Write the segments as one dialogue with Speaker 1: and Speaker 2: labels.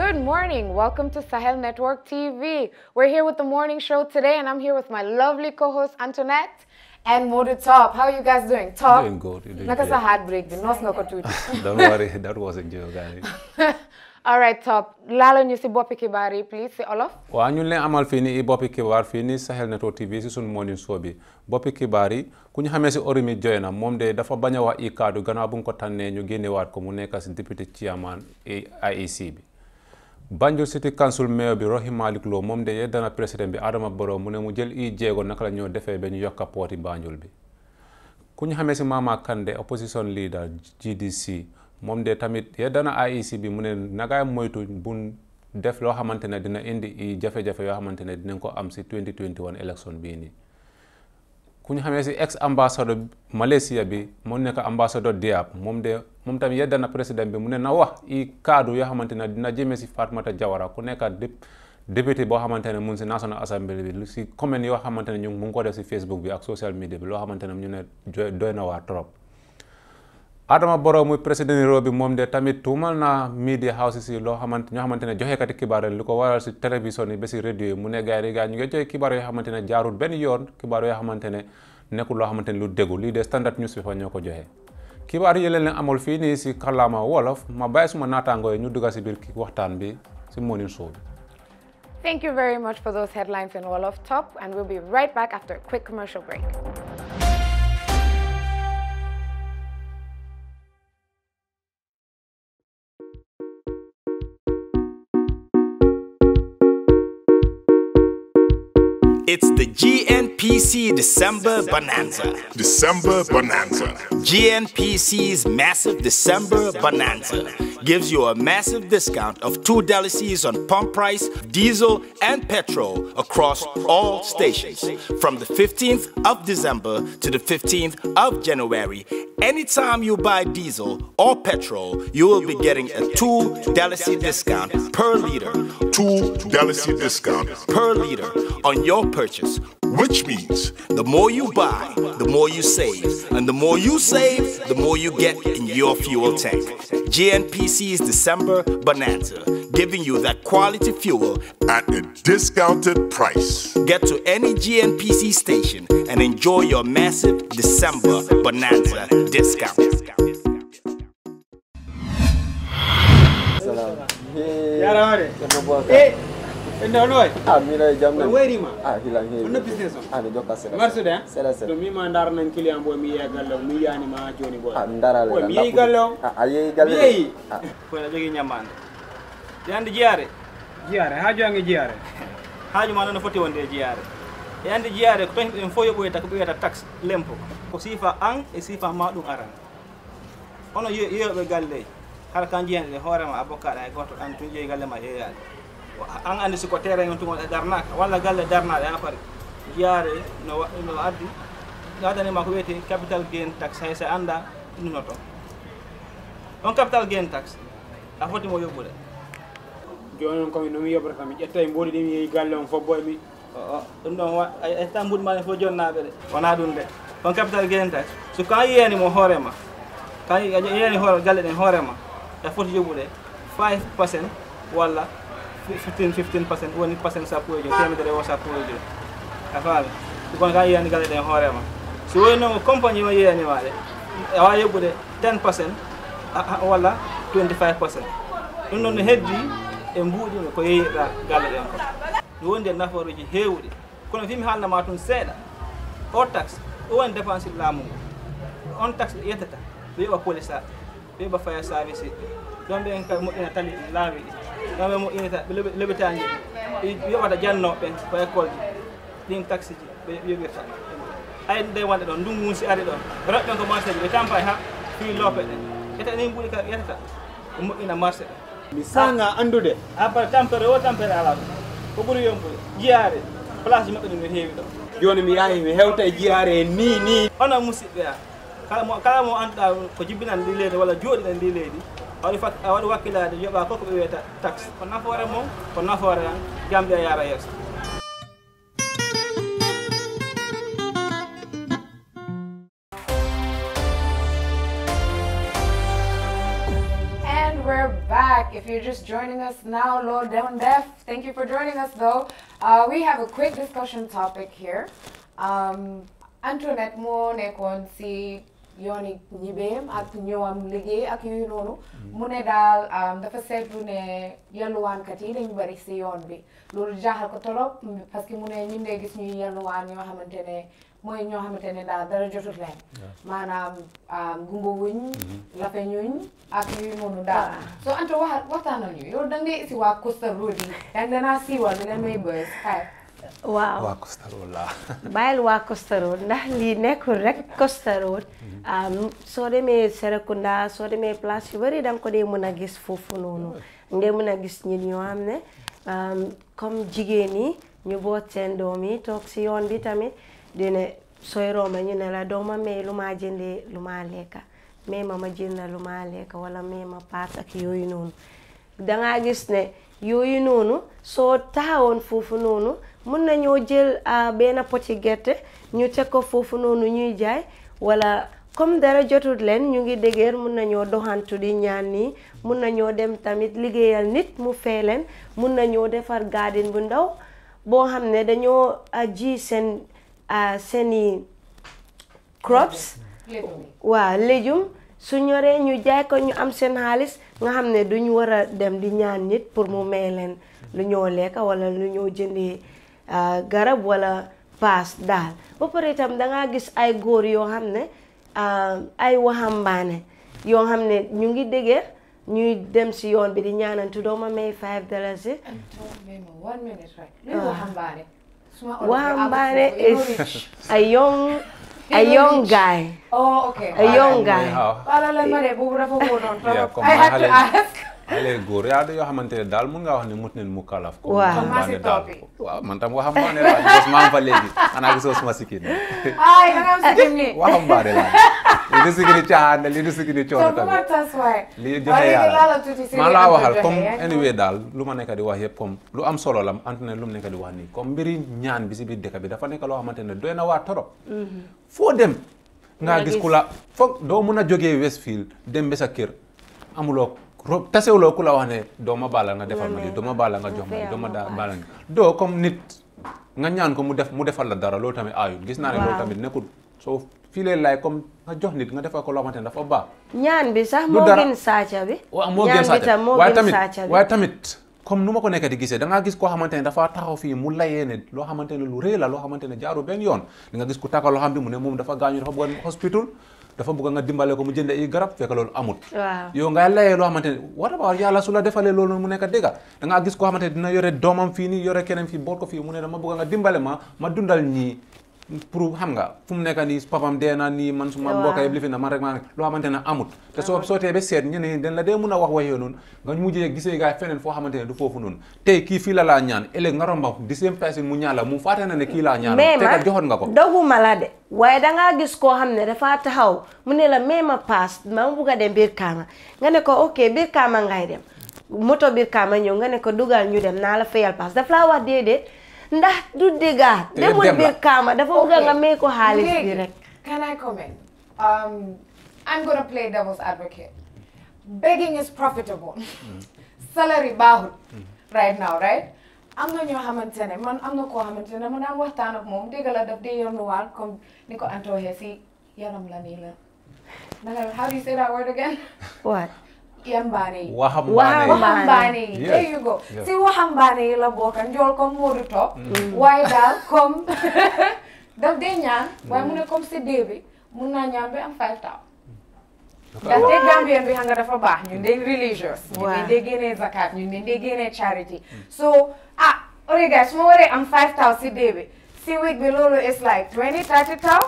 Speaker 1: Good morning. Welcome to Sahel Network TV. We're here with the morning show today, and I'm here with my lovely co-host Antoinette and Modu Top. How are you guys doing? Top? Doing
Speaker 2: good. You're doing Nakasa
Speaker 1: heartbreak. Don't
Speaker 2: worry. That was a joke.
Speaker 1: All right, Top. Lalo you see boppi Kibari, please ci Wolof.
Speaker 2: waaw ñu leen amal fii nii boppi xibaar Sahel Network TV ci sunu morning show bi boppi xibaar yi ku ñu xamee ci Oremi de dafa bañ a wax i kaddu gannaaw bu ko tànnee ñu ko mu nekk ci député chairman bi. Banjul City Council mayor bi Rohey Malick Lowe moom de yeddana président bi Adama Barrow mu ne mu jël i jéego naka la ñoo defee ba ñu yokk pooti Banjul bi ku ñu xamee si Mama Kandeh opposition leader GDC moom de tamit yeddana IEC bi mu ne nagaay moytu bu def loo xamante ne dina indi i jafe-jafe yoo xamante ne dinañ ko am si 2021 élection bii nii. ku ñu xamee si ex ambassadeur Malaysia bi moo nekk ambassadeur Diab moom de moom tamit yedda na président bi mu ne na wax i kaddu yoo xamante ne dina jëmee si Fatoumatta Jawara ku nekk député boo xamante ne mu ngi si National Assembly bi si commune yoo xamante ne ñu mu ngi ko def si Facebook bi ak social media bi loo xamante ne ñu ne doy na waa trop. Adama Barrow muy président Nairobi moom de tamit tuumal naa media houses yi loo xamante ñoo xamante ne joxekati xibaar li ko waral si télévision yi ba si radio yi mu ne gars yi gars ñu ngi joxe xibaar yoo xamante ne jaarul benn yoon xibaar yoo xamante ne nekkul loo xamante ne lu déggu lii de standard news bi fa ñoo ko joxe. xibaar yi leen amul fii nii si kàllaama wolof ma bàyyi suma naataangoo yi ñu dugg si biir waxtaan bi si morning show bi.
Speaker 1: Thank you very much for
Speaker 3: It's the GNPC December Bonanza. December Bonanza. GNPC's massive December Bonanza gives you a massive discount of two delices on pump price, diesel, and petrol across all stations from the 15th of December to the 15th of January. Anytime you buy diesel or petrol, you will be getting a two delicacy discount per liter. Two delicacy discount per liter on your purchase, which means the more you buy, the more you save. And the more you save, the more you get in your fuel tank. GNPC's December Bonanza, giving you that quality fuel at a discounted price. Get to any GNPC station and enjoy your massive December Bonanza discount. Salam.
Speaker 4: Yeah.
Speaker 5: Enda oloi. Ah, mira jamna. Weri ma. Ah, hilang hilang. Unna business on.
Speaker 4: nan kili ambo mi ya gallo, mi ya joni boy. Ah,
Speaker 5: ndara le. Mi ya gallo. Ah,
Speaker 3: aye ah, gallo. Mi.
Speaker 5: Ah. Ko la jogi nyamande. Yandi jiare. Jiare, hajo ange jiare. Hajo ma non foti wonde jiare. Yandi jiare ko tan en fo yoboyta ko biyata tax lempo. Ko sifa an e sifa ma dum aran. Ono yeyoɓe galle har kan jiyan e hoorema a bokkaɗa e goto an tun jeeyi galle ma yeeyaade an andi siko terrain on tugol e darnaka walla galle darna ala pari yaare no no addi waɗanima ko wiyete capital gain taxe hay so anda ɗumno toon on capital gain taxe a foti mo yoɓɓude
Speaker 4: joni noon komi no yoɓrata
Speaker 5: mi ƴetta e mboɗi ɗi mi yeehi galle on fobbo e mi ɗum ɗon etta mbuɗi mane fof jonnaɓe ɗe wona ɗum de on capital gain taxe so kan yiyani mo hoorema kan yiyani hoore galle ɗen hoorema a foti yoɓɓude 5 pourcent walla 15 15% woni percent sappo e joyi temedere o sappo e joyi a faami kono ka yiyani gale ɗen hoorema si woni noon compagnie o yiyanima ɗe awa yobbude 10 percent walla 25 percent ɗum noon no heddi e mbuuɗino ko yeeyiɗa galle ɗen ko ɗum woni nde naforuji heewɗi kono fimi haalnama tun seeɗa o taxe o woni dépense laamu ngu on taxe ɓe ƴettata ɓe yoɓa police aɓe yoɓa fire service ɗon ɓen kadi moƴƴina tali laawi ɗi kamɓe moƴƴinita ɓe leɓitaji yoɓata jannoɓe ko école ji ɗin taxe ji ɓe yoɓirta ay nde wonde ɗon ndungu munsi ari ɗon roɓɓen ko marché ji ɓe tampa ha fii loope ɗe ete ni mbuɗi ka yetata ko moƴƴina marché ɗe mi sanga andude abba tampere o tampere ala ɗum ko ɓuuri yombude jiyaare place ji maɓɓe ɗum no heewi ɗo joni mi yaahi mi hewta e jiyaare en ni ni ono musidɓe a kala mo kala mo annduɗa ko jibbinani ndi leydi walla jooɗiɗa ndi leydi a waɗi a waɗi
Speaker 1: If you're just joining us now, Lord down Def, thank you for joining us though. Uh, we have a quick discussion topic here. Um, Antoinette Mo Nekwonsi yooni ñibeem ak mm-hmm. ñëwam liggéey ak yooyu noonu mm-hmm. mu ne daal dafa seetlu ne yelluwaankat yi dañu bari si yoon bi loolu jaaxal ko torop parce que mu ne ñu ndee gis ñuy yelluwaan ñoo xamante ne mooy ñoo xamante ne daal dara jotut leen maanaam gumba wuñ lafe mm-hmm. ñuñ ak yooyu noonu daal ah. soo ante wax waxtaanal ñu yow da si waa Coastal Road yi dang danaa
Speaker 6: siiwal di leen may bës waaw
Speaker 2: waa costarol la
Speaker 6: ndax lii nekkul rek costarol mm-hmm. um, soo demee Serekunda soo demee place yu bari da ko dee mën a gis foofu noonu ndee mën a gis ñi ñoo xam ne um, comme jigéen ñi ñu boot seen doom yi toog si yoon bi tamit dine sooy romba ñu la dooma may lu maa jëndee lu maa lekka may ma ma jënda lu maa lekka wala may ma paas ak yooyu noonu dangaa gis ne yooyu noonu soo taxawoon foofu noonu mën nañoo jël ah, benn poti gerte ñu teg ko foofu noonu ñuy jaay wala comme dara jotut leen ñu ngi dégéer mën nañoo doxantu di ñaan nii mën nañoo dem tamit liggéeyal nit mu fee leen mën nañoo defar gaadin bu ndaw boo xam ne dañoo ah, ji seen ah, seen i crops waa lejum su ñoree ñu jaay ko ñu am seen xaalis nga xam ne duñ war a dem di ñaan nit pour mu may leen lu ñoo lekka wala lu ñoo jëndee garab wala paas daal ba pare itam dangaa gis ay góor yoo xam ne ay waxambaane yoo xam ne ñu ngi dëgër ñuy dem si yoon bi di ñaanantu dooma may five dollars yi
Speaker 1: waxambaane is
Speaker 6: a young a a young guy
Speaker 2: xale góor yaa da yoo xamante ne daal mun ngaa wax ne mut neen mu kalaf ko commencé toog waaw man tam waxam maa ne laa gis maa am fa léegi xanaa gisoo suma sikkin ay
Speaker 1: danga am sikkin ni waxam baare laa
Speaker 2: li du sikkin caaxaan li du sikkin coono tamit li joxe yàlla maa laa waxal comme anyway daal lu ma nekk di wax yëpp comme lu am solo lam ante ne lu mu nekk di wax nii comme mbiri ñaan bi si biir dëkk bi dafa nekk loo xamante ne doy na waa torop mhm. foo dem ngaa gis ku la foog doo mun a jógee Westfield dem ba sa kër amuloo tasewuloo ku la wax ne dooma ma baala nga defal ma lii doo ma baala nga jox ma lii doo baala doo comme nit nga ñaan ko mu def mu defal la dara loolu tamit aayut gis naa ne loolu tamit nekkul soo filee lay comme nga jox nit nga defal ko loo xamante ne dafa baax
Speaker 6: ñaan bi sax moo gën saaca bi waaw moo gën saaca bi waaye tamit waaye
Speaker 2: tamit comme nu ma ko nekkee di gisee da ngaa gis koo xamante ne dafa taxaw fii mu layee ne loo xamante ne lu rëy la loo xamante ne jaaru benn yoon da nga gis ku takkal loo xam bi mu ne moom dafa gaañu dafa bëggoon hospital dafa bëgg nga dimbale ko mu jënd ay garab fekk loolu amut yow nga layee loo xamante ne war a yàlla su la defalee loolu mu nekk dëgg da ngaa gis koo xamante ne dina yore doomam fii nii yore keneen fii boot ko fii mu ne dama bëgg nga dimbale ma ma dundal ñii pour xam nga fu mu nekk nii papam dee na nii man suma man rek maa loo xamante ne amut te soo soo tee a wax waxee noonu na ne kii ka joxoon nga ko doguma la de
Speaker 6: a dem nga ne ko ok naa la fayal paas daf laa wax déedéet ndax du dëgga demul biir kaama dafa bëgg nga may ko xaalis bi rek
Speaker 1: can I comment um, I'm gonna play devil's advocate begging is profitable mm. salary baaxul mm. right now right am na ñoo xamante ne man am na koo xamante ne ma daan waxtaan ak moom dégg la daf di yónnuwaat comme ni ko antoxee si yaram la nii la naka how say that word again yambaane waxambaane yi there you go mm. si waxambaane yi la bokka njool comme Modou Top waaye daal comme daf dee ñaan waaye mu ne comme si dée bi mun naa ñaan bi am five taw ndaxte Gambien bi xa nga dafa baax ñun dey religious ñun dey dee génnee zakat ñun dey dee génnee charity mm. so ah alright su ma waree am five taw si dee bi si week bi loolu is like twenty thirty taw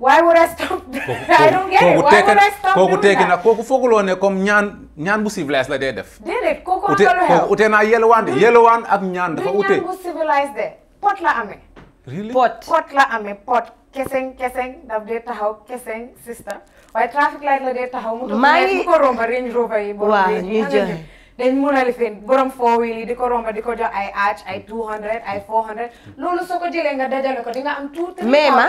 Speaker 1: why would I stop?
Speaker 2: I don't get it. Why would I stop kooku tekki na kooku fooguloo ne comme ñaan ñaan bu civilisé la day def.
Speaker 1: déedéet kooku ute kooku
Speaker 2: ute naa yelwaan de yelwaan ak ñaan dafa ute. ñaan bu
Speaker 1: civilisé de pot la amee. really pot pot la amee pot keseng keseng daf dee taxaw keseng sista waaye traffic light la dee taxaw. maa ngi mu ko romba Range Rover yi. waaw ñuy jël dañ mun a lifin borom four wheel yi di ko romba di ko jox ay arch ay 200 ay 400 loolu soo ko jëlee nga dajale ko di nga am tuuti. mais ma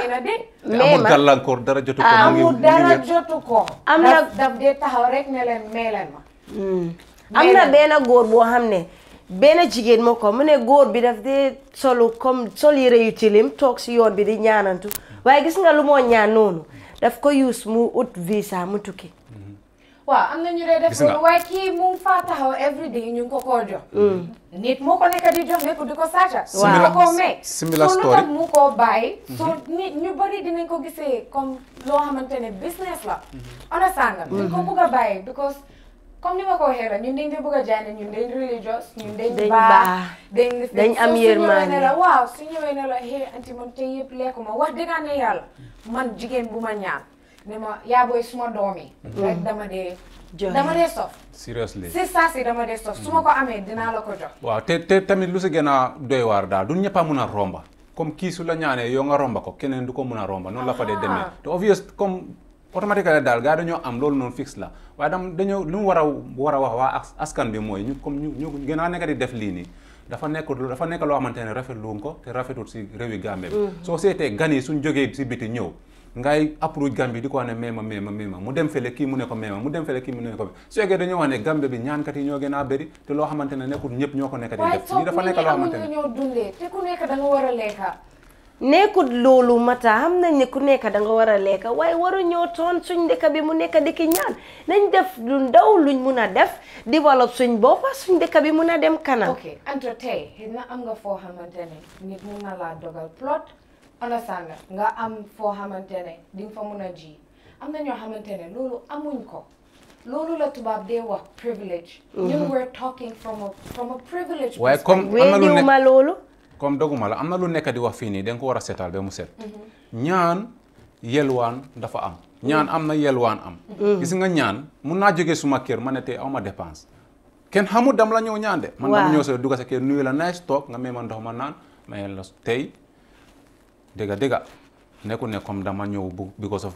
Speaker 2: mais ma gàllankoor dara jotu ko. amul dara
Speaker 6: jotu ko. am na daf taxaw rek ne leen may leen hmm. am na benn góor boo xam ne benn jigéen moo ko mu ne góor bi daf dee solu comme sol yére yu tilim toog si yoon bi di ñaanantu waaye gis nga lu moo ñaan noonu daf ko use mu ut visa mu tukki.
Speaker 1: waaw am na ñu dee def loolu waaye kii mu faa taxaw every day ñu ngi ko koo jox. Mm. nit moo ko nekk di jox nekk di ko saaca. waaw ko may similar story so lu mu koo bàyyi. Mm-hmm. so nit ñu bëri dinañ ko gisee comme loo xamante ne business la. understand mm-hmm. nga. dañ ko mm-hmm. bugg a bàyyi because comme ni ma ko waxee rek ñun dañ di bëgg a jaay ne ñun dañ religious. ñun dañ baax dañ dañ am yërmande la waaw su ñëwee ne la hey anti man te yëpp lekkuma wax dëgg ne yàlla man jigéen bu ma ñaan. ne ma yaa booy suma doom yi. Mhm. rek dama dee. dama dee sof.
Speaker 2: seriously si
Speaker 1: saa si dama dee sof su ma ko amee dinaa la ko jox.
Speaker 2: waaw te tamit lu si gën a doy waar daal du ñëpp mun a romba comme kii su la ñaanee yoo nga romba ko keneen du ko mun a romba noonu la fa dee ah. demee te obvious comme automatiquement daal gars dañoo am loolu noonu fixe la waaye dam dañoo lu mu war a war a wax waa askan bi mooy ñu comme ñu ñu gën a nekk di def lii nii. dafa nekk dafa nekk loo xamante ne rafetlu ko te rafetul si réewi Gambie mm-hmm. soo seetee gan suñ jógee si biti ñëw. ngay approche Gambie di ko wax ne meema meema meema mu dem fële kii mu ne ko meema mu dem fële kii mu ne ko su fekkee dañoo wax ne Gambie bi ñaankat yi ñoo gën ne ko nekk ku
Speaker 1: nekk da nga war a lekka
Speaker 6: nekkut war a lekka waaye waru ñoo toon suñ bi mu nekk dëkki ñaan nañ def lu ndaw luñ a def développe suñ bopp suñ dëkk bi mun a dem kanam ok
Speaker 1: entre tey na am nga foo xamante na laa dogal plot understand nga nga am fo xamantene ne di nga fa mëna ji am na ñoo xamantene lolu amuñ ko lolu la tubab de wax privilege. You mhm. we're talking from a from a privilege.
Speaker 2: way comme am lu nek ma comme doguma la am lu nek di wax fini, nii ko wara a be mu set. Mhm. ñaan yelwaan dafa am. ñaan am na yelwaan am. Mhm. gis nga ñaan mu na jógee suma kër ma ne tey dépense. ken xamul dam la ñaan de. man dama ñëw sa dugg sa kër nuyu la nice talk nga may man dox ma naan ma la tay dëgga dëgga nekkul ne comme dama ñëw bu because of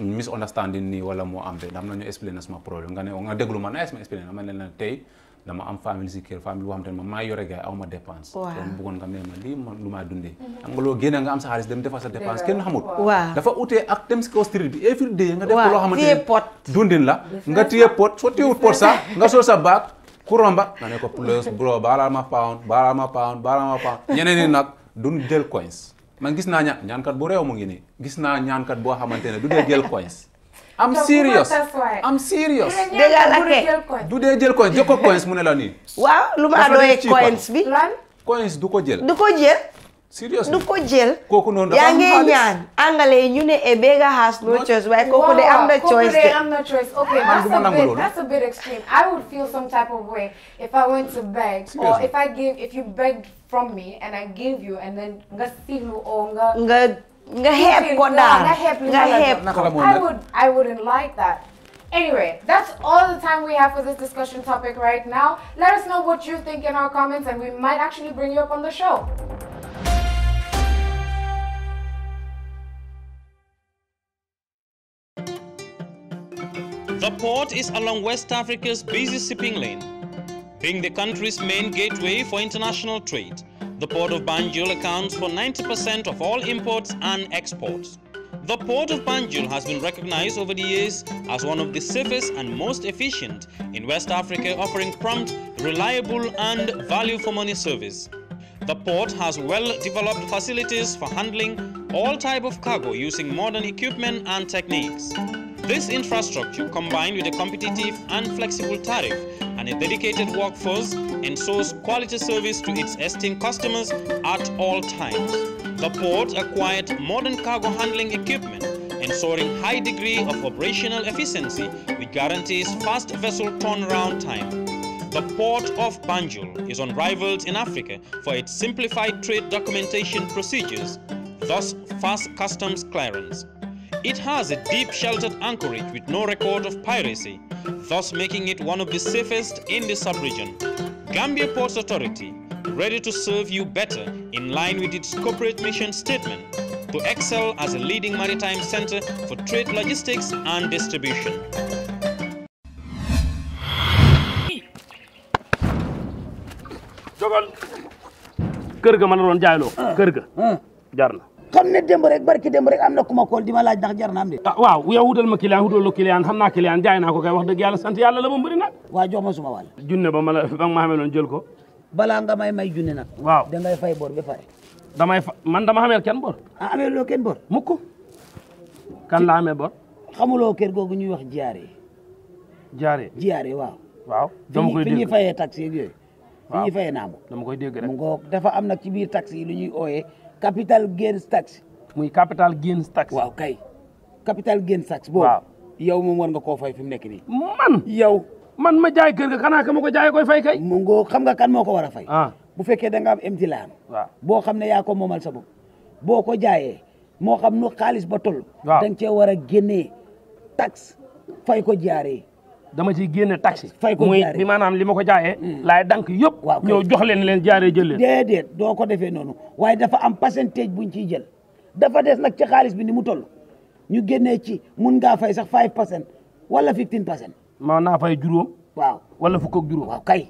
Speaker 2: misunderstanding nii wala moo am de dam nañu explain na sama problème nga ne nga déglu ma naa explain ma ne la tey dama am famille si kër famille boo xam te ne ma maa yore gars aw ma dépense kon bëggoon nga ne ma lii ma lu maa dundee xam nga loo génne nga am sa xaalis dem defal sa dépense kenn xamul waaw dafa utee ak dem si kaw street bi every day nga def loo xamante ne dundin la nga téye pot soo téyewut pot sax nga sol sa baag kuromba nga ne ko plus bro baalaal ma pound baalaal ma pound baalaal ma pound ñeneen ñi nag duñ jël coins man gis naa ña ñaankat bu réew mu ngi nii gis naa ñaankat boo xamante ne du dee jël coins.
Speaker 3: am serious
Speaker 2: am serious. dégg nga du dee jël coins jox ko coins mu ne la nii. waaw lu ma doyee coins bi. coins du ko jël. du ko jël. Serious. No, ko jël yaa ngi ñaan
Speaker 6: anglais ñu ne a has no choice Why? kooku de am na choice de am na choice okay that's a bit that's a
Speaker 1: bit extreme I would feel some type of way if I went to beg or if I give. if you begged from me and I give you and then nga onga. oo nga nga
Speaker 6: nga xeeb ko daal nga xeeb ko I would
Speaker 1: I wouldn't like that Anyway, that's all the time we have for this discussion topic right now. Let us know what you think in our comments and we might actually bring you up on the show.
Speaker 7: The port is along West Africa's busy shipping lane. Being the country's main gateway for international trade, the port of Banjul accounts for 90% of all imports and exports. The port of Banjul has been recognized over the years as one of the safest and most efficient in West Africa, offering prompt, reliable and value for money service. The port has well-developed facilities for handling all type of cargo using modern equipment and techniques. This infrastructure, combined with a competitive and flexible tariff and a dedicated workforce, ensures quality service to its esteemed customers at all times. The port acquired modern cargo handling equipment, ensuring high degree of operational efficiency which guarantees fast vessel turnaround time. The port of Banjul is unrivaled in Africa for its simplified trade documentation procedures, thus fast customs clearance. It has a deep sheltered anchorage with no record of piracy, thus making it one of the safest in the sub-region. Gambia Ports Authority, ready to serve you better in line with its corporate mission statement to excel as a leading maritime center for trade logistics and distribution.
Speaker 4: Jogal. Kër ga ma la doon xam ne démb rek barki démb rek am na ku ma kool di ma laaj ndax jar na am de ah, waaw yow wutal ma client wutal la client xam naa client jaay naa ko kay wax dëgg yàlla sant yàlla la ma bëri nag waaw jox ma suma wàll junne ba ma la ba ma xamee loon jël ko balaa nga may may junne nag waaw da ngay fay bor ba pare damay fa man dama xamee kenn bor ah amee loo kenn bor mukk kan la amee bor xamuloo kër googu ñuy wax jaare jaare jaare waaw
Speaker 7: waaw dama koy dégg fi ñuy
Speaker 4: fayee taxi yooyu fi ñuy fayee naamu dama koy dégg rek mu ngoog dafa am nag ci biir taxi yi lu ñuy ooyee capital gains tax. muy capital gains tax. waaw kay capital gains tax. bo waaw yow moom war nga koo fay fi mu nekk nii. man yow. man ma jaay kër ga xanaa ka ma ko jaay koy fay kay. mu ngoo xam nga kan moo ko war a fay. Ah. bu fekkee danga nga am imtilaan. waaw boo xam ne yaa ko moomal sa bo boo ko jaayee moo xam nu xaalis ba toll. waaw da cee war a génnee tax fay ko jaaree. dama ciy génne taxi. fay ko muy bi maanaam li ma ko jaaye hmm. laay dank yëpp. waaw ñëw jox leen leen jaaree jël leen. déedéet doo ko defee noonu waaye dafa am pourcentage buñ ciy jël dafa des nag ci xaalis bi ni mu toll ñu génnee ci mun ngaa fay sax 5 percent wala 15 percent. man naa fay juróom. waaw wala fukk ak juróom. waaw kay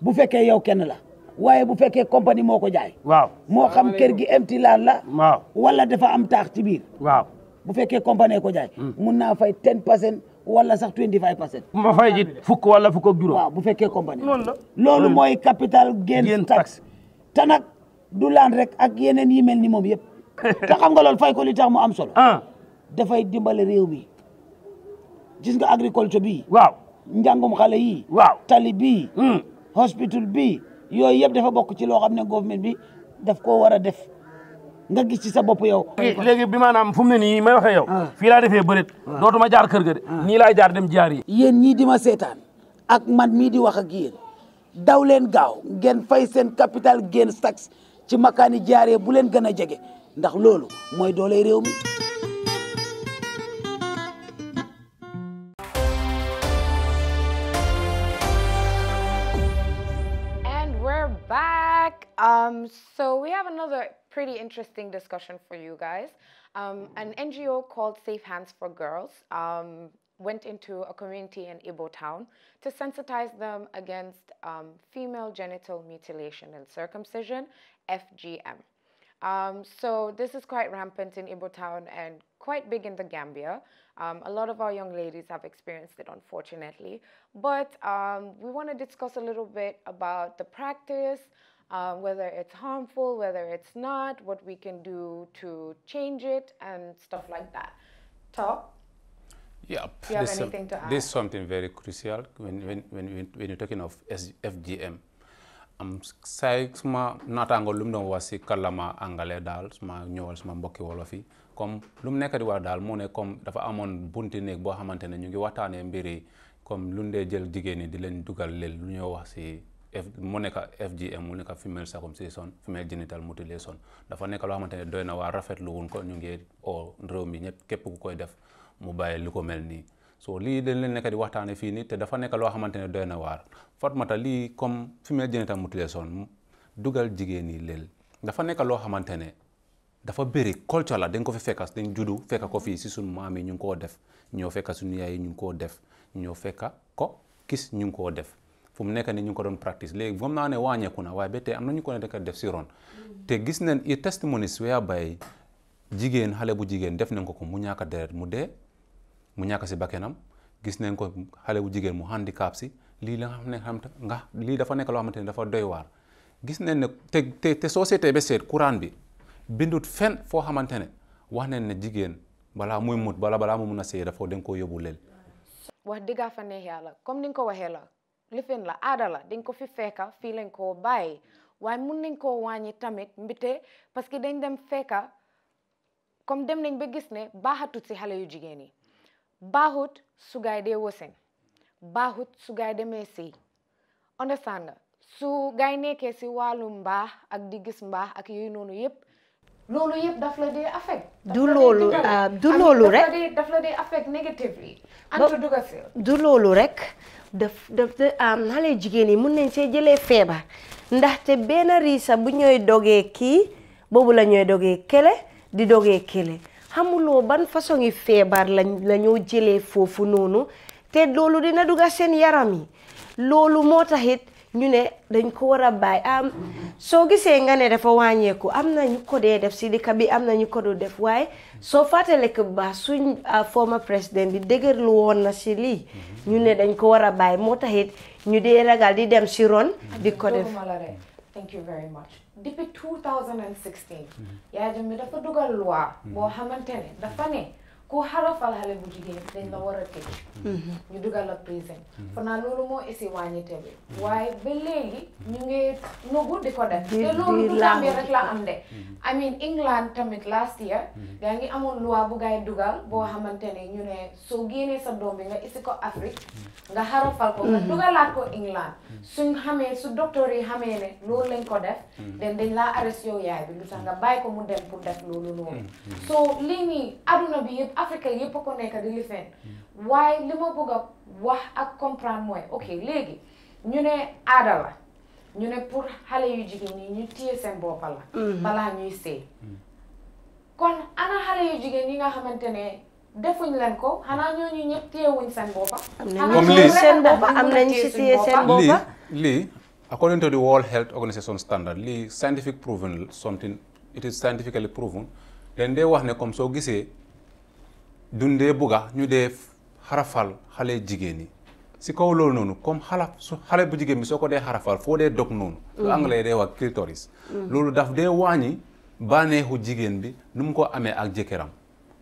Speaker 4: bu fekkee yow kenn la waaye bu fekkee compagnie moo ko jaay. waaw moo xam kër gi empty la. waaw wala dafa am taax ci biir. waaw bu fekkee compagnie ko jaay. Hmm. mun naa fay 10 percent. wala sax 25 pour cent. ma fay fukk wala fukk ak juróom. waaw bu fekkee compagnie. loolu la loolu mooy capital gain tax. te nag du laan rek ak yeneen yi mel ni moom yëpp. te xam nga loolu fay ko mu am solo. Ah. dafay dimbale réew mi gis nga agriculture bi. waaw njàngum xale yi. waaw tali bi hmm. hospital bi yooyu yëpp dafa bokk ci loo xam ne government bi daf koo war a def. nga gis ci sa bop yow legui bi manam fu mu may waxe yow ah. fi la defé beurit ah. dotuma jaar kër ga ni ah. nii jaar dem jaar yi yeen ñi dima sétane ak man mi di wax ak yeen daw len gaaw ngeen fay sen capital gain tax ci makani jaaree bu len gëna jégé ndax lolu moy doole réew mi
Speaker 1: and we're back um so we have another pretty interesting discussion for you guys. Um, an NGO called Safe Hands for Girls um, went into a community in Ibo town to sensitize them against um, female genital mutilation and circumcision, FGM. Um, so this is quite rampant in Ibo town and quite big in the Gambia. Um, a lot of our young ladies have experienced it, unfortunately. But um, we want to discuss a little bit about the practice, uh, whether it's harmful, whether it's not, what we can do to change it, and stuff like that. Top.
Speaker 2: Yeah, this, um, this is something very crucial when, when, when, when you're talking of FGM. am say suma naataango lu mu wasi kalama si kàllaama angale daal suma ñëwal suma mbokki wolof yi comme lu mu nekk di wax daal mu ne comme dafa amoon bunti néeg boo xamante ne mbiri comme lu ndee jël jigéen ñi di dugal leel lu F mu nekk FGM mu nekk female circumcision female genital mutilation dafa nekk loo xamante ne doy na waa rafetlu wuñ ko ñu ngi oo réew mi ñëpp képp ku koy def mu bàyyi lu ko mel nii so lii dañ leen nekk di waxtaanee fii nii te dafa nekk loo xamante ne doy na waar Fatoumata lii comme female genital mutilation dugal jigéen ñi leel dafa nekk loo xamante ne dafa bëri culture la dañ ko fi fekkas dañ juddu fekka ko fii si suñu maam yi ñu ngi koo def ñoo fekka suñu yaay yi ñu ngi koo def ñoo fekka ko gis ñu ngi koo def fu mu nekk ni ñu ko doon practice léegi foog naa ne wàññeeku na waaye ba tey am na ñu ko nekk def si ron te gis nañ i testimonies whereby jigéen xale bu jigéen def nañ ko ko mu ñàkk deret mu dee mu ñàkk si bakkenam gis nañ ko xale bu jigéen mu handicap si lii la nga xam ne nga lii dafa nekk loo xamante ne dafa doy waar gis nañ ne te te te société ba seet courant bi bindut fen foo xamante ne wax nañ ne jigéen balaa muy mut bala balaa mu mun a sëy dafa da koo yóbbu leel
Speaker 1: ko lifin la aada la dañ ko fi fekka fii lañ koo bàyyi waaye mun nañ koo wàññi tamit mbite parce que dañ dem fekka comme dem nañ ba gis ne baaxatut si xale yu jigéen yi baaxut sugaay dee wasin baaxut sugaay demee si understand nga su gaay nekkee si wàllum mbaax ak di gis mbaax ak yooyu noonu yépp loolu yëpp daf la dee affect
Speaker 6: ah, du loolu du rek daf la dee daf daf xale jigéen yi mun nañ see jëlee feebar ndaxte benn riisa bu ñooy dogee kii boobu la dogee kele di dogee kele xamuloo ban façon yi feebar lañ la ñoo jëlee foofu noonu te loolu dina dugga seen yaram yi loolu moo taxit ñu ne dañ ko war a bàyyi am soo gisee nga ne dafa wàññeeku am na ñu ko dee def si dëkk bi am na ñu ko du def waaye soo fàttalee ko ba suñ ah, former président bi dëgërlu woon na si lii mhm. ñu ne dañ ko war a bàyyi moo taxit ñu dee ragal di dem si ron mhm. di ko def
Speaker 1: thank you very much depuis 2016 mhm. yaay dem dafa dugal loi boo xamante ne dafa ne ku xarafal xale bu jigéen dañ la war a tëj
Speaker 6: mm-hmm.
Speaker 1: ñu dugal la prison mm-hmm. fanaa loolu moo isi wàññite bi waaye ba léegi ñu ngi nugu di ko def te loolu du Gambie rek am de mm-hmm. I mean England tamit last year gaa ngi amoon loi bu gaay dugal boo xamante ne ñu ne soo génnee sa doom bi nga isi ko Afrique nga fal ko nga dugalaat ko England suñ xamee su docteur yi xamee ne loolu lañ ko def den dañ laa arrest yow yaay bi lu tax nga bàyyi ko mu dem pour def loolu loolu so lii nii aduna bi yëpp Afrique yëpp ko nekk di lifin waaye li ma bëgg a wax ak comprendre mooy ok léegi ñu ne aada la ñu ne pour xale yu jigéen yi ñu téye seen boppa la mhm. balaa ñuy sëy mhm. kon ana xale yu jigéen yi nga xamante ne defuñ leen ko xanaa ñooñu ñëpp téyewuñ seen boppa am
Speaker 6: nañ seen boppa am nañ si téye seen boppa
Speaker 2: lii according to the World Health Organization standard lii scientific proven something it is scientifically proven dañ dee wax ne comme soo gisee dundee bugga ñu dee xarafal xale jigéen yi si kaw loolu noonu comme xala su xale bu jigéen bi soo ko dee xarafal foo dee dog noonu lu mm. anglais dee wax clitoris mm. loolu daf dee wàññi bànneexu jigéen bi nu mu ko amee ak jëkkëram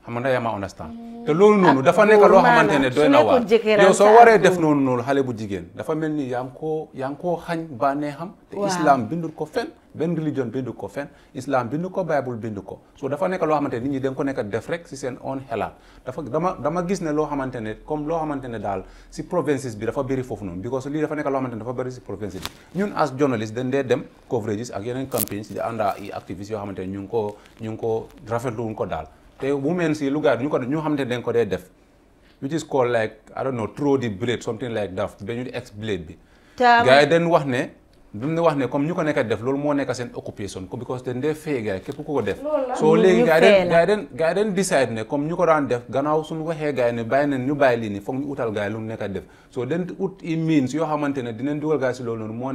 Speaker 2: xam nga yaa ma understand te loolu noonu ah, dafa nekk loo xamante ne dooy na waar yow soo waree def noonu noonu xale bu jigéen dafa mel ni yaa ngi koo yaa ngi koo xañ bànneexam te islam bindul ko fen benn religion bindu ko fenn islam bindu ko bible bindu ko so dafa nekk loo xamante ne nit ñi dañ ko nekk def rek si seen own xelaat dafa dama gis ne loo xamante ne comme loo xamante ne daal si provinces bi dafa bëri foofu noonu because lii dafa nekk loo xamante ne dafa bëri si provinces bi ñun as journalist dañ dee dem coverages ak yeneen campagnes di ànd ak yoo xamante ne ñu ngi ko ñu ngi ko rafetlu wuñ ko daal te si mel si Louga ñu ko ñu xamante ne dañ ko dee def which is called like I don't know throw the blade something like wax ne bi mu ne wax ne comme ñu ko nekk def loolu moo nekk seen occupation ko because dañ dee fay gars yi képp ku ko def soo léegi gars den decide ne comme ñu ko daan def gannaaw suñu waxee gars yi ne bàyyi nañ ñu bàyyi lii nii foog ñu utal gars yi lu mu def soo den ut i means yoo xamante ne dinañ dugal gars yi si loolu noonu moo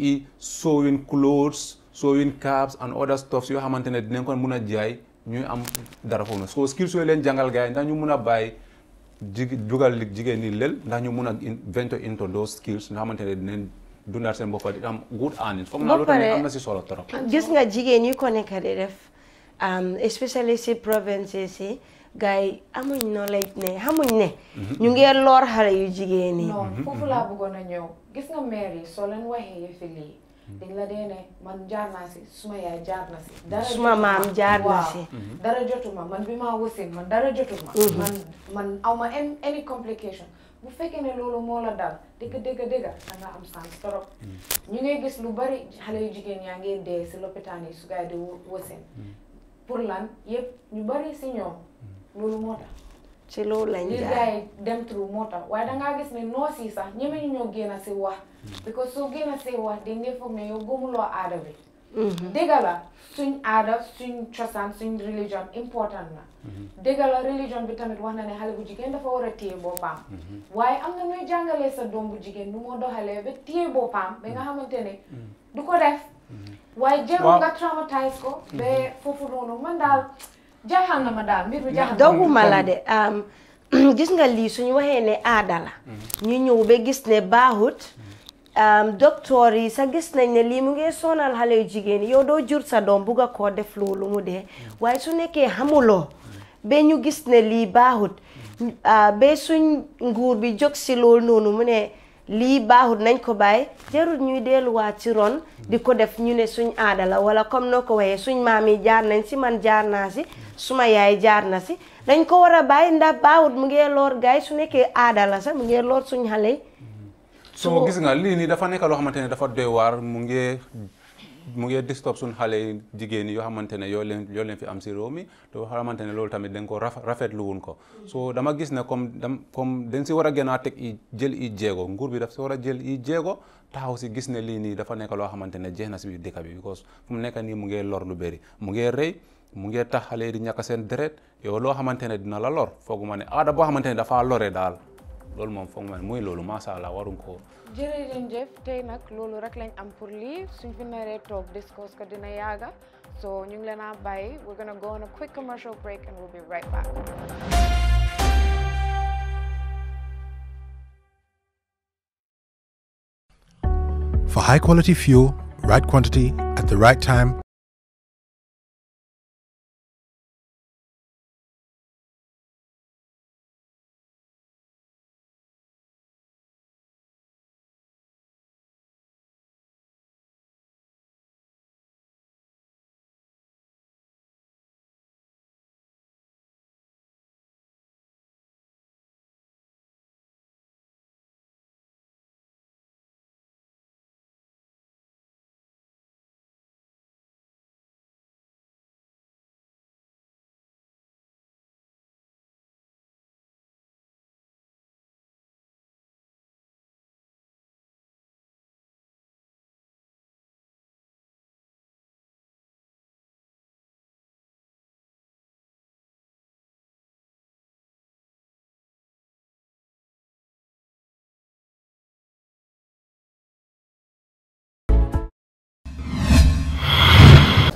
Speaker 2: i sewing clothes sewing caps and other stuffs yoo xamante ne dinañ ko mun a jaay ñuy am dara foofu noonu soo skills yooyu leen jàngal gars yi ndax ñu mun a bàyyi jig dugal jigéen ñi lël ndax ñu mun a venture into those skills nga xamante ne dinañ dundal seen bopp di am good earnings. foog naa loolu tamit am na si solo trop. gis
Speaker 6: nga jigéen ñi ko nekk di def especially si provinces yi gars yi amuñ le ne xamuñ ne. Mhm. ñu ngi loor xale yu jigéen yi. non mhm. foofu laa
Speaker 1: mhm. bëggoon a ñëw gis nga maire yi soo leen waxee yëfi la dee ne man jaar naa si suma yaay jaar na si. dara suma maam jaar na si. dara jotuma man bi aw ma any complication. bu fekkee ne loolu moo la dal dëgg dëgg dëgg da nga am sens trop mm. ñu ngay gis lu bari xale yu jigéen yaa ngi dee si lopitaan yi su gaay di wasin mm. pour lan yëpp ñu bari si ñoo mm. loolu moo
Speaker 6: ci loolu lañ jaar
Speaker 1: li dem through moo tax waaye dangaa gis ne noos yi sax ñemeñu ñoo génn si wax because soo génn si wax dañ dee foog ne yow góomuloo aada bi Mm-hmm. dëgg la suñ aada suñ cosaan suñ religion important na mm-hmm. dëgg la religion bi tamit wax na ne xale bu jigéen dafa war a téye boppam mm-hmm. waaye am na ñuy jàngalee sa doom bu jigéen nu moo doxalee ba boo boppam ba nga xamante ne du ko def waaye jarul nga traumatise ko ba foofu noonu man daal jaaxal na ma daal mbir bi jaaxal doguma la
Speaker 6: de um, gis nga lii suñu waxee ne aada la ñu ñëw ba gis ne baaxut docteur yi sa gis nañ ne lii mu ngi sonal xale yu jigéen yow doo jur sa doom bugg a koo def loolu mu dee waaye su nekkee xamuloo ba ñu gis ne lii baaxut ba suñ nguur bi jóg si loolu noonu mu ne lii baaxut nañ ko bàyyi jarut ñuy delluwaat ci ron di ko def ñu ne suñ aada wala comme noo ko waxee suñ maam yi jaar nañ si man jaar naa si suma yaay jaar na si dañ ko war a bàyyi ndax baaxut mu ngee loor gaay su nekkee aada la sax mu ngee loor suñ xale yi
Speaker 2: soo gis nga lii nii dafa nekk loo xamante ne dafa doy waar mu ngi mu ngi disturb suñu xale yi jigéen yoo xamante ne yoo leen yoo leen fi am si réew mi te yoo xamante ne loolu tamit dañ ko rafetlu wuñ ko so dama gis ne comme dam comme dañ si war a gën a teg i jël i jéego nguur bi daf si war a jël i jéego taxaw si gis ne lii nii dafa nekk loo xamante ne jeex na si biir dëkk bi because fu mu nekk nii mu ngi lor lu bëri mu ngi rëy mu ngi tax xale yi di ñàkk seen deret yow loo xamante ne dina la lor fooguma ne aada ah, boo xamante ne dafaa lore daal muy waruñ ko.
Speaker 1: rek lañ am pour suñ fi discuss ko dina so ñu ngi we we're gonna go on a quick commercial break and we'll be right back.
Speaker 3: For high quality fuel, right quantity, at the right time.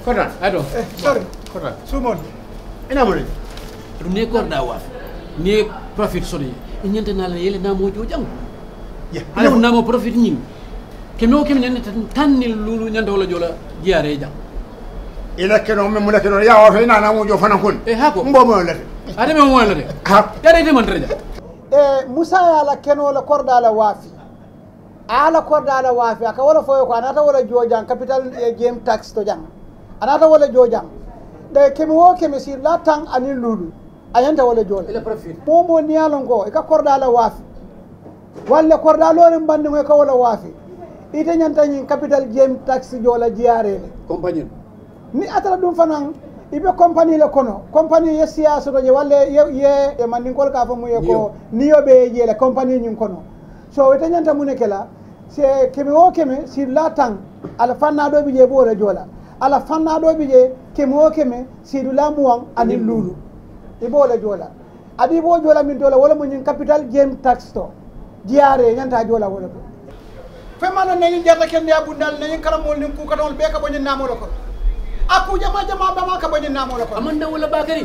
Speaker 8: Korɗal aɗo korɗal eh, sumoon ena moɗon ɗum ne korɗa waafa ne profit sonoye e ñantanala yele na mo namojo janggo ala na mo profit ñim keme o keme nene tanni lulu ñanta wala joola jeyare e jang ila
Speaker 4: keno min mula keno yawa fe ina namojo fana kon
Speaker 8: e eh, ha ko mbomoyo lete adame omoyo lete yarete mantere ja e eh, moussa ala keno la korɗala waafi ala korɗala waafi aka wala foyo ko anata wala joojan capital game tax to jang anata wala jojang da kemi wo kemi si latan anin lulu ayanta wala jola ila profil momo niyalon ko ka korda la wafi walla korda lorin bandi ngoy ka wala wafi ite nyanta nyin capital game tax jola jiare compagnie ni atala dum fanan ibe compagnie le kono compagnie ye siyasa do je walla ye ye e mandin kol ka fa mu ye ko niyo be je le compagnie nyin kono so ite nyanta munekela se kemi wo kemi si la alfanna do bi je bo wala jola ala fannaɗo ɓe je keme sidu keme seydula ani anin luulu iboole joola adi bo jola min dola wala mo nyin capital jem tax to diare ñanta joola wala ko femano nañi jatta ken ya bundal nyin karam wol kukatol ku ka boñin namoɗo ko a kujama jama bama ka nyin namoɗo ko amanda wala bakary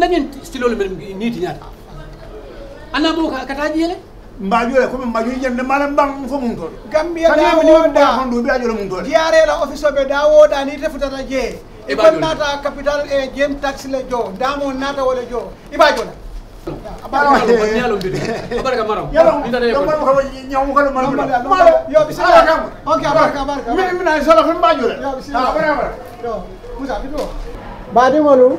Speaker 8: nañin stilol men niti nyata ana bo ka kata jeele mbaajure komin mbaajuri jande malam bang fo mum toon gambia dawoda hon ɗo mbiyaajole mum toon jiyarela office oɓe dawoda ni tefutata jee iɓon naata capital e jem taxe le jo damo naata wole jo ibaajola e baɗimolu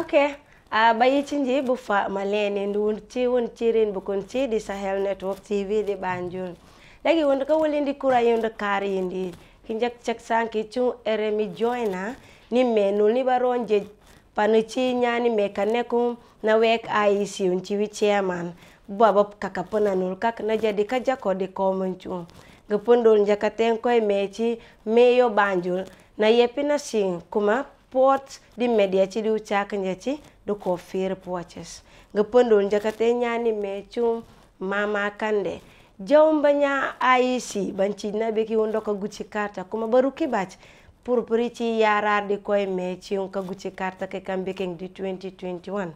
Speaker 6: ok a ɓayitindi bo fama lene ndi wonti woni tirin bo kon tiɗi sahel network tv ɗi ɓanjon dagi wonde ka wolindi kura yonde karindi ki jak cak sanki cun rmi joina ni me nul ni ɓaron je pano ci ñani me ka nekum na wek aic e on ciwi ceman baba kaka pona nul kak na jadi ka jako di komen cun ga pondol jakaten koye me ci meyo ɓanjol na yepi na sing kuma pot di media ci di ucaka ya ci do ko fere poches nga pondol jakate nyani mechum mama kande jawmbanya aisi ci nabe beki wondo ko gucci karta kuma baru kibach pour ci yara di koy meci un ka guci karta ke kan keng di 2021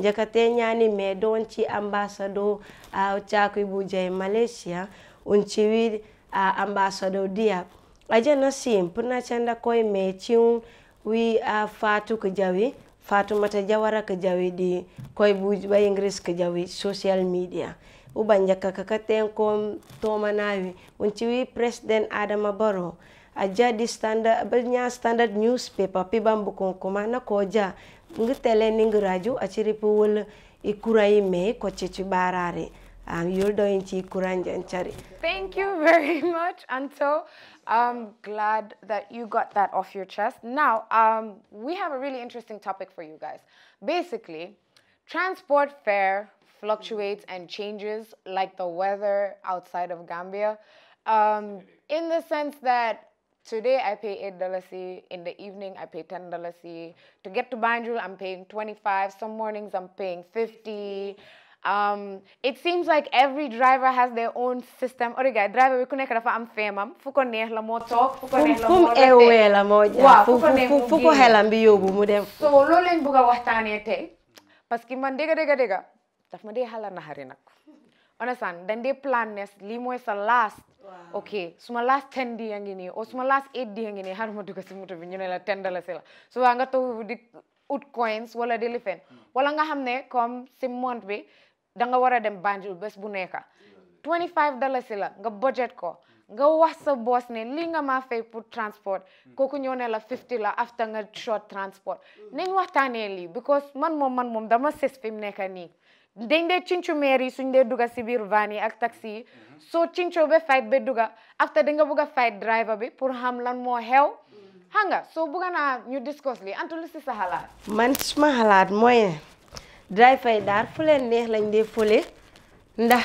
Speaker 6: jakate nyani me don ci ambassador a uh, ucaka jay malaysia un ci wi ambassador dia aja na sim pernah canda koy meci We are fatu to jawi far to matajawara jawi di koyebuji ɓayigris ko social media ubanja kaka kakaten ko tomanawi on président adama baro Aja di standard banya standard newspaper piɓan bukon kuma na koja ngi tele ni ngi radio a me ko cici ɓarare um, yolɗo en ci kuranje
Speaker 1: thank you very much and so I'm glad that you got that off your chest. Now, um, we have a really interesting topic for you guys. Basically, transport fare fluctuates and changes like the weather outside of Gambia, um, in the sense that today I pay eight dollars in the evening I pay ten dollars To get to Banjul, I'm paying twenty-five. Some mornings I'm paying fifty. Um, it seems like every driver has their own system. Origa, driver bi ku nekk dafa am feemam fu ko neex la moo toog. fu ko neex la moo eewee fu ko fu bi
Speaker 6: yóbbu mu dem.
Speaker 1: so loolu lañ bëgg a waxtaanee parce que man dégg dégg dégg daf ma dee xala naxari nag. understand dañ dee plan ne lii mooy sa last. ok suma last ten di yaa ngi nii o suma last eight di yaa ngi nii xaruma dugg si moto bi ñu ne la ten dala si la souvent nga toog di ut coins wala di lifen mm. wala ne comme da nga war a dem Banjul bés bu nekk 25 dollars la nga budget ko mm-hmm. nga wax sa boss ne lii nga maa fay pour transport mm-hmm. kooku ñëw ne la 50 la after nga short transport mm-hmm. nañ waxtaanee lii because man moom man moom dama sës fi mu nekk nii dañ dee cincu meer yi suñ dee duga si biir van yi ak taxi yi soo cinco ba fight be duga after da nga bugg a fight driver bi pour xam lan moo xew xam soo bugga naa ñu discuss li antu lu si sa
Speaker 6: man suma xalaat mooy dry faydar daar leen neex lañ dee fole ndax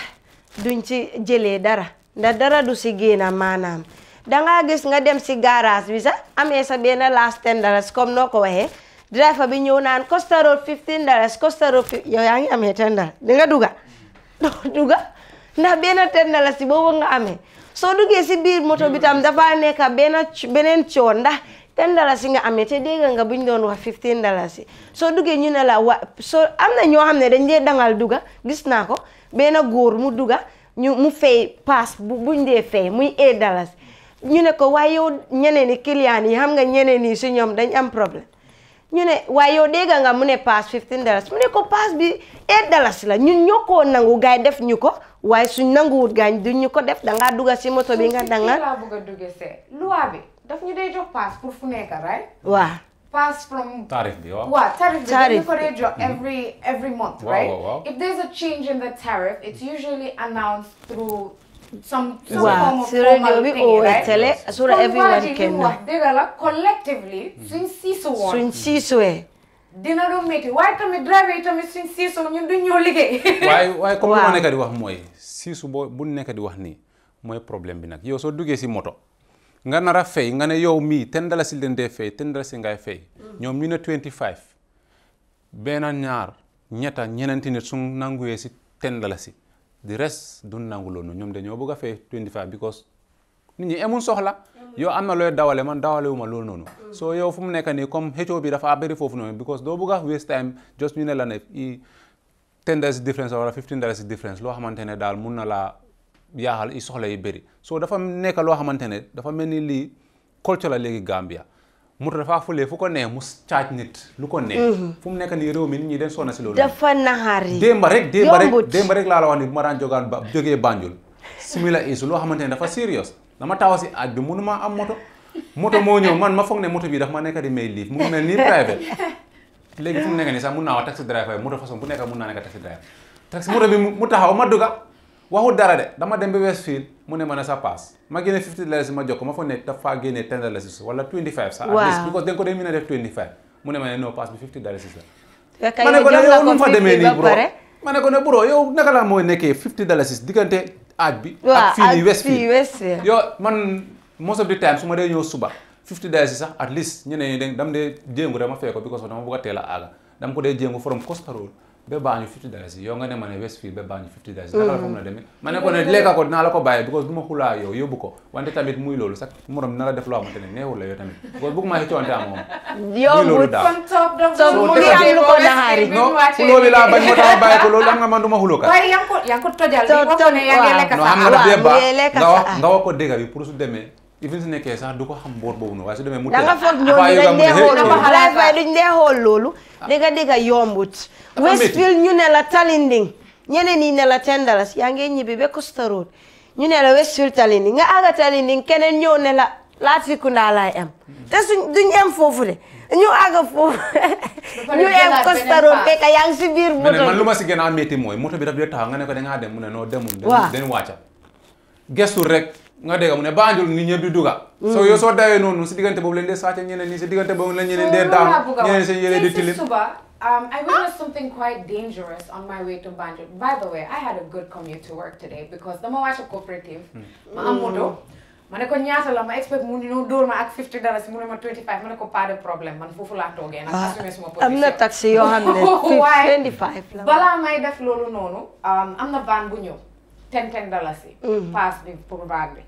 Speaker 6: duñ ci jëlee dara ndax dara du si génn maanaam dangaa gis nga dem si garage bi sax amee sa benn last ten dollars comme noo ko waxee driver bi ñëw naan Costa Road fifteen dollars Costa Road yaa ngi amee ten dollars di nga duga doo duga ndax benn ten dollars si boobu nga amee soo duggee si biir moto bi tam dafa nekk benn beneen coon ndax ten dalasi nga amee te dégg nga bu ñu doon wax fifteen dalasi soo duggee ñu ne la wa soo am na ñoo xam ne dañ dee dangal duga gis naa ko benn góor mu duga ñu mu fay paas bu buñ dee fay muy eight dalasi ñu ne ko waaye yow ñeneen yi xam nga ñeneen yi si ñoom dañ am problème ñu ne waaye yow dégg nga mu ne paas fifteen dalasi mu ne ko paas bi eight dalasi la ñun ñoo koo nangu gaay def ñu ko waaye suñ nanguwut gaañ duñ ñu ko def dangaa duga si moto bi nga dangal
Speaker 1: loi bi daf ñu dee jox pass pour fu nekk right waaw pass from
Speaker 2: tariff bi waaw waaw
Speaker 1: tariff bi dañu ko dee jox mhm. every every month right if there's a change in the tariff it's usually announced through some, some form of right? so everyone can collectively, one. Why Why
Speaker 2: why comme ma nekk di wax moy siso bu nekk di wax ni moy problème bi nak. Yow so duggé moto. nga nar a fay nga ne yow mii ten dalasi leen dee fay ten dalasi ngay fay ñoom ñu ne 25 benn ñaar ñetta ñeneenti nit su nanguwee si ten dalasi di reste du nangu loolu ñoom dañoo bëgg a fay 25 because nit ñi amul soxla yow am na looy dawale man dawalewuma lool noonu mm. soo yow fu mu nekk nii comme xëccoo bi dafa bëri foofu noonu because doo bëgg a waste time just ñu ne la ne ten dalasi difference wala 15 dalasi difference loo xamante ne daal mun na laa yaaxal i soxla yi bëri so dafa nekk loo xamante ne dafa mel ni lii culture la léegi Gambia moto dafa fulee fu ko nee mu caaj nit lu ko nee mhm. fu mu nekk nii réew mi nit ñi den soona si loolu
Speaker 6: dafa naxari démba rek démba rek
Speaker 2: démba rek laa la wax ni ma daan jogaan ba jógee Banjul simila isu loo xamante ne dafa serious dama taxaw si aaj bi mënuma am moto moto moo ñëw man ma foog ne moto bi dafa ma nekk di may liif mu mel nii private léegi fu mu nekk nii sax mun naa wax taxi driver moto mun naa nekk taxi driver moto bi mu taxaw ma dugga waxu dara de dama dem ba Westfield mu ne ma ne sa paas ma génne 50 dollars ma jokk ma fa nekk daf faa génne 10 dollars wala 25 sax. waaw ko dee mën a def 25 mu ma ne non paas bi 50 dollars la. fekk yow jox la ko ma ne ne bro yow naka laa mooy nekkee 50 dollars diggante aaj fii nii Westfield Westfield. yow man most of the su ma dee ñëw suba 50 dollars sax at least ñeneen ñi dañ dam ma fee dama fekk ko because dama bëgg a teel a aaga dama ko dee jéngu forom Costa Road bébaa ñu fifty dalasi yow nga ne ma mm. ne Westfield bébaa ñu fifty dalasi naka la ko mën a demee ma ne ko ne lekka ko dinaa la ko bàyyee because du ma xulaa yow yóbbu ko wante tamit muy loolu sax morom dina la def loo xamante ne neewul la yow tamit because bëgg maa xëccoonte am moom
Speaker 8: yow mu ngi am lu ko naxaari
Speaker 1: ko loolu
Speaker 2: xam nga man du ma xuloo kat waaye
Speaker 1: yaa ngi ko tojal non
Speaker 2: xam nga daf dee baax nga wax nga wax ko dégg bi pour su demee even su nekkee sax du ko xam boobu noonu waaye su demee mu da nga foog dee
Speaker 6: xool loolu ah. dëgga dëgga yombut Westfield ñu ne la Talinding ñeneen ñi ne la ten dollars yaa ngi ñibbi ba Costa Road ñu ne la Westfield Talinding nga àgga Talinding keneen ñëw ne la Latrikunda laay am mm-hmm. te suñ duñ am foofu de ñu àgga foofu ñu am Costa Road fekk yaa ngi si biir moto man lu ma
Speaker 2: si gën a métti mooy moto bi daf dee nga ne ko da dem mu ne noo demul waaw dañ wàcca gestu rek nga dégg mu ne Banjul nit ñëpp di duga mm. soo yow soo dawee noonu si diggante boobu leen dee sàcce ñeneen ñi si diggante boobu la ñeneen dee daanu ñeneen seen yére di tilim
Speaker 1: Um, I witnessed something quite dangerous on my way to Banjul. By the way, I had a good commute to work today because dama wàcc coopérative. Hmm. ma am moto. ma ne ko ñaata la ma expect mu ñëw dóor ma ak 50 dollars mu ne ma 25 ma ne ko pas de problème man foofu laa toogee nag. Ah, assumer suma position am na
Speaker 6: taxi yoo xam
Speaker 1: ne 25 la. balaa may def loolu noonu um, am na van bu ñëw. ten ten dalasi. Mm. paas bi pour van bi.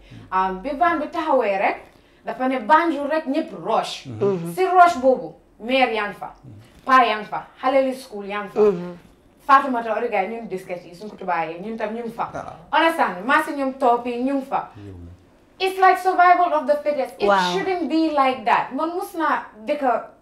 Speaker 1: bi van bi taxawee rek dafa ne Banjul rek ñëpp roche. Mm-hmm. Mm-hmm. si roche boobu maire yaa fa. Mm-hmm. paa yaa ngi fa xale li school yaa ngi fa. Fatoumata Origa ñun disket yi suñ ko tubaayee ñun tam ñu ngi fa. understand ah. maa si ñoom topp yi fa. it's like survival of the fittest. it shouldn't be like that man mus naa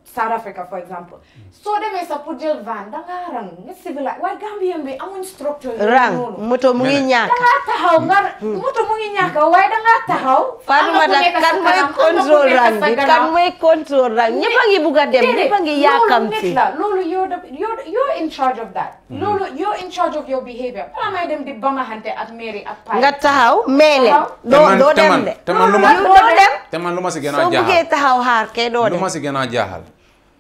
Speaker 1: South Africa, for example. So they may e support jël van da nga rang nga civil waaye Gambien bi amuñ structure. rang moto mu ngi ñàkk. da nga taxaw hmm. nga moto mu ngi ñàkk waaye da kan mooy contrôle rang kan mooy
Speaker 6: contrôle rang ñëpp buka ngi bugg a dem ñëpp a ngi yaakamti. loolu yow
Speaker 1: da yow you're in charge of that. Hmm. Lulu, you're in charge of your behavior. balaa may dem di bamaxante ak mairie ak paa. nga taxaw
Speaker 6: meele. doo doo dem
Speaker 2: teman luma, teman luma ma te man lu ma si gën a jaaxal soo buggee
Speaker 6: taxaw xaar kay
Speaker 1: dem lu si
Speaker 2: gën a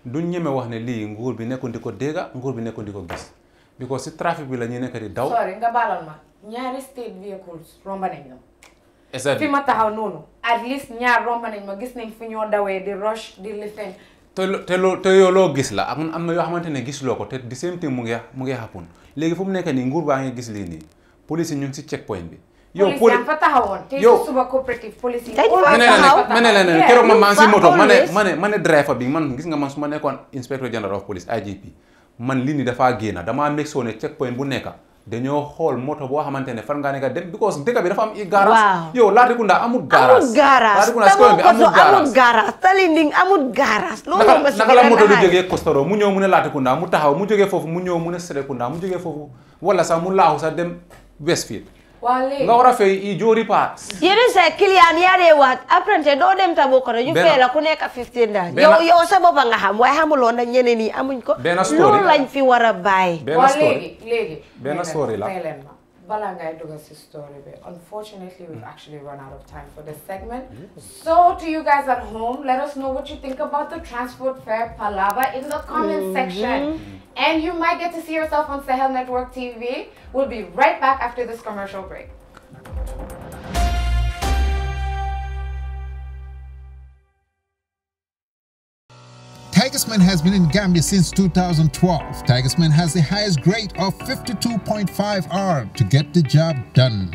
Speaker 2: du ñeme wax ne lii nguur bi nekkoon di ko dégga nguur bi nekkoon di ko gis because si trafic bi la ñuy nekk di daw. sorry
Speaker 1: nga baalal ma ñaari state vehicles romb nañ ma. fi ma taxaw noonu. at least ñaar romb nañ ma gis nañ fu ñoo dawee di rush di lifin.
Speaker 2: te loo te loo te yoo loo gis la ak am na yoo xamante ne gisuloo ko te the same thing mu ngi mu ngi happen léegi fu mu nekk nii nguur baa ngi gis lii nii police yi ñu ngi si check point bi. Yo poli
Speaker 1: fa taxawoon tey suba coopérative police yi ma ne ma ne
Speaker 2: leen si moto ma ne ma driver bi man gis nga man su ma nekkoon inspector general IGP man lii nii dafaa génn damaa make sure ne check point bu nekk dañoo xool moto boo dem because dëkk bi dafa am i yo yow Latrikunda amul garage amul garage amul
Speaker 6: garage Talinding amul garage loolu naka la moto du
Speaker 2: jógee Kostoro mu ñëw mu ne Latrikunda mu taxaw mu jógee foofu mu ñëw mu ne Serekunda mu jógee foofu wala sax mu laaxu sax dem Westfield
Speaker 6: waa léegi nga war a fay
Speaker 2: joori paas.
Speaker 6: yéen sa client yaa dee waat apprenti doo dem tabo ko ñu fay la ku nekk fifteen daal. yow yow sa bopp nga xam waaye xamuloo nag ñeneen yi amuñ ko. benn story loolu lañ fi war a bàyyi. benn story léegi léegi benn story la.
Speaker 1: Balanga Edugasi story. Unfortunately, we've actually run out of time for this segment. Mm-hmm. So, to you guys at home, let us know what you think about the transport fair palava in the comment mm -hmm. section. And you might get to see yourself on Sahel Network TV. We'll be right back after this commercial break.
Speaker 9: Tigersman has been in Gambia since 2012. Tigersman has the highest grade of 52.5R to get the job done.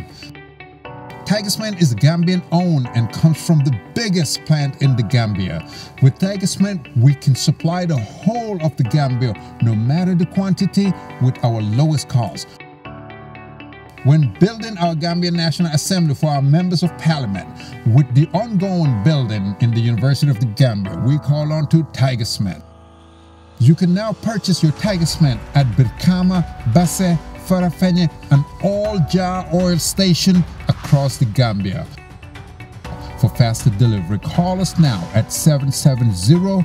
Speaker 9: Tigersman is Gambian owned and comes from the biggest plant in the Gambia. With Tigersman, we can supply the whole of the Gambia, no matter the quantity, with our lowest cost when building our Gambia National Assembly for our members of parliament with the ongoing building in the University of the Gambia, we call on to Tiger Smith. You can now purchase your Tiger Smith at Birkama, Basse, Farafenye and all jar oil station across the Gambia. For faster delivery, call us now at 770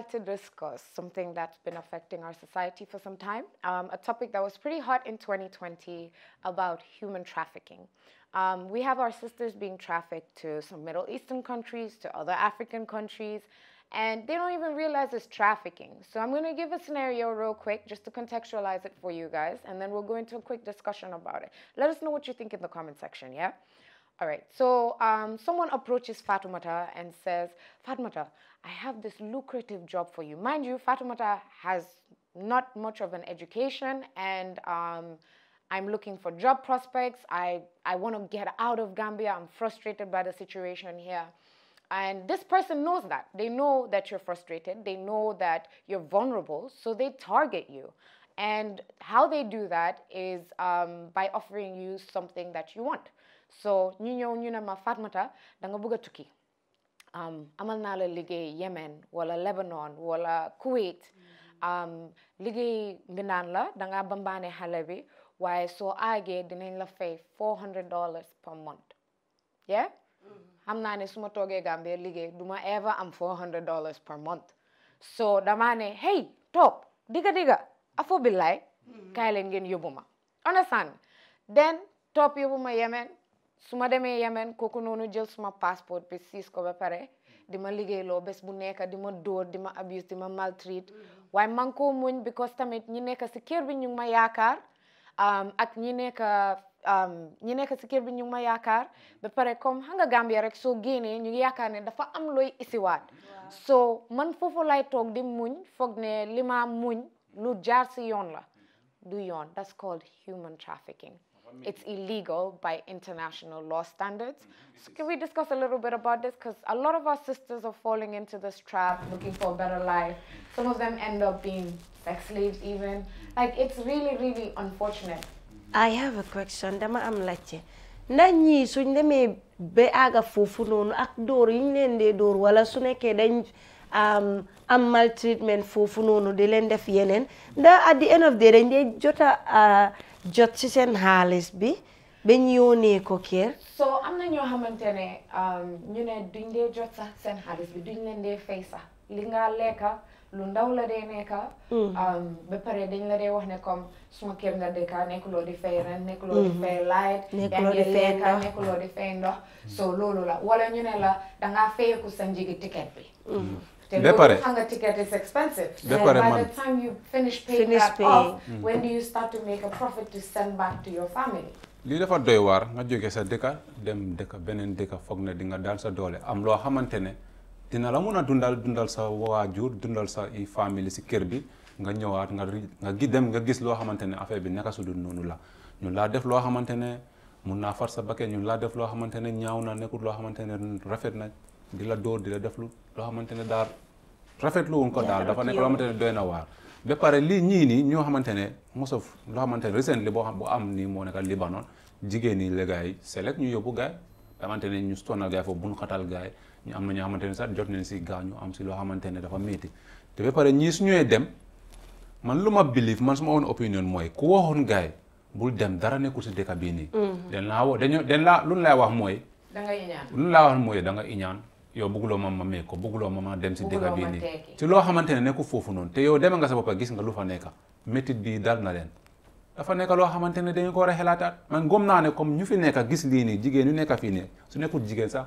Speaker 1: like to discuss something that's been affecting our society for some time, um, a topic that was pretty hot in 2020 about human trafficking. Um, we have our sisters being trafficked to some Middle Eastern countries, to other African countries, and they don't even realize it's trafficking. So I'm going to give a scenario real quick just to contextualize it for you guys, and then we'll go into a quick discussion about it. Let us know what you think in the comment section, yeah? All right, so um, someone approaches Fatumata and says, Fatumata, I have this lucrative job for you. Mind you, Fatimata has not much of an education and um, I'm looking for job prospects. I, I want to get out of Gambia. I'm frustrated by the situation here. And this person knows that. They know that you're frustrated. They know that you're vulnerable. So they target you. And how they do that is um, by offering you something that you want. So, Nyinyo Nyuna Mafatmata, Dangabuga Tuki. Um, amal naa la liggéey Yemen wala Lebanon wala Kuwait mm-hmm. um, liggéey mbindaan la da ngaa bambaane xale bi waaye soo aagee dinañ la fay four hundred dollars per month yeah mm-hmm. xam naa ne su ma toogee Gambia liggéey duma ma am four hundred dollars per month so damaa ne hey toog diga diga afo billaay mm-hmm. kaay leen ngeen yóbbu ma understand then topp yóbbu Yemen su ma demee yemeen kooku noonu jël suma passeport bi siis ko ba pare di ma liggéeyloo bés bu nekk di ma dóor di ma abuse di ma maltreat mm-hmm. waaye man koo muñ because tamit ñi nekk si kër bi ñu ma yaakaar um, ak ñi nekk um, nekk si kër bi ñu ma yaakaar ba pare comme xam nga rek soo génnee ñu yaakaar ne dafa am looy isiwaat soo man foofu lay toog di muñ foog ne li ma muñ lu jaar si yoon la du yoon that's called human trafficking it's illegal by international law standards. Mm-hmm. So can we discuss a little bit about this? Because a lot of our sisters are falling into this trap, looking for a better life. Some of them end up being sex slaves even. Like, it's really, really unfortunate.
Speaker 6: I have a question. Dama am lache. Nanyi suñ demee be aga foofu noonu ak dóor wala su nekkee dañ am maltreatment foofu noonu di leen def at the end of the day dañ jota jot si seen xaalis bi ba ñu yónnee ko kër.
Speaker 1: soo am na ñoo xamante ne um, ñu ne duñ dee jot sax seen xaalis bi duñ leen dee fay sax li nga lekka lu ndaw la dee nekka
Speaker 8: mm. um,
Speaker 1: ba pare dañ la dee wax ne comme suma kër nga dëkka nekkuloo di fay ren mm. nekkuloo di fay light nekkuloo di fay ndox di fay ndox soo loolu la wala ñu ne la dangaa fayeku sa njigi ticket bi mm. ba pare pare man by the time you finish paying that mm-hmm.
Speaker 4: family.
Speaker 2: lii dafa doy waar nga jóge sa dëkka dem dëkka beneen dëkka foog ne di nga daal sa doole am loo xamante ne dina la mun a dundal dundal sa waajur dundal sa i famille si kër bi nga ñëwaat nga nga gi dem nga gis loo xamante ne affaire bi naka su dul noonu la ñun laa def loo xamante ne mun naa far sa bakkee ñun laa def loo xamante ne ñaaw na nekkul loo xamante ne rafet na di la door di la def lu loo xamante ne daal rafetlu wuñ ko daal dafa nekk loo xamante ne doy na waar ba pare lii ñii nii ñoo xamante ne mosof loo xamante ne recently boo xam bu am nii moo nekk Libanon jigéen ñi la gars yi select ñu yóbbu gars yi xamante ne ñu stonal gars yi foofu buñ xatal gars yi ñu am na ñoo xamante ne sax jot nañ si ñu am si loo xamante ne dafa métti te ba pare ñii su ñëwee dem man lu ma believe man suma own opinion mooy ku waxoon gars yi bul dem dara nekkul si dëkk bii nii. Mm-hmm. dañ laa woo dañu laa lu ñu wax mooy. da nga iñaan lu da nga iñaan yow bëgguloo ma ma mee ko bëgguloo ma ma dem si dëkk bii nii ci loo xamante ne nekku foofu noonu te yow deme nga sa bopp gis nga lu fa nekk métit bi dal na leen dafa nekk loo xamante ne dañu ko a xelaataat man naa ne comme ñu fi nekk gis lii nii jigéen ñu nekk fii nii su nekkul jigéen sax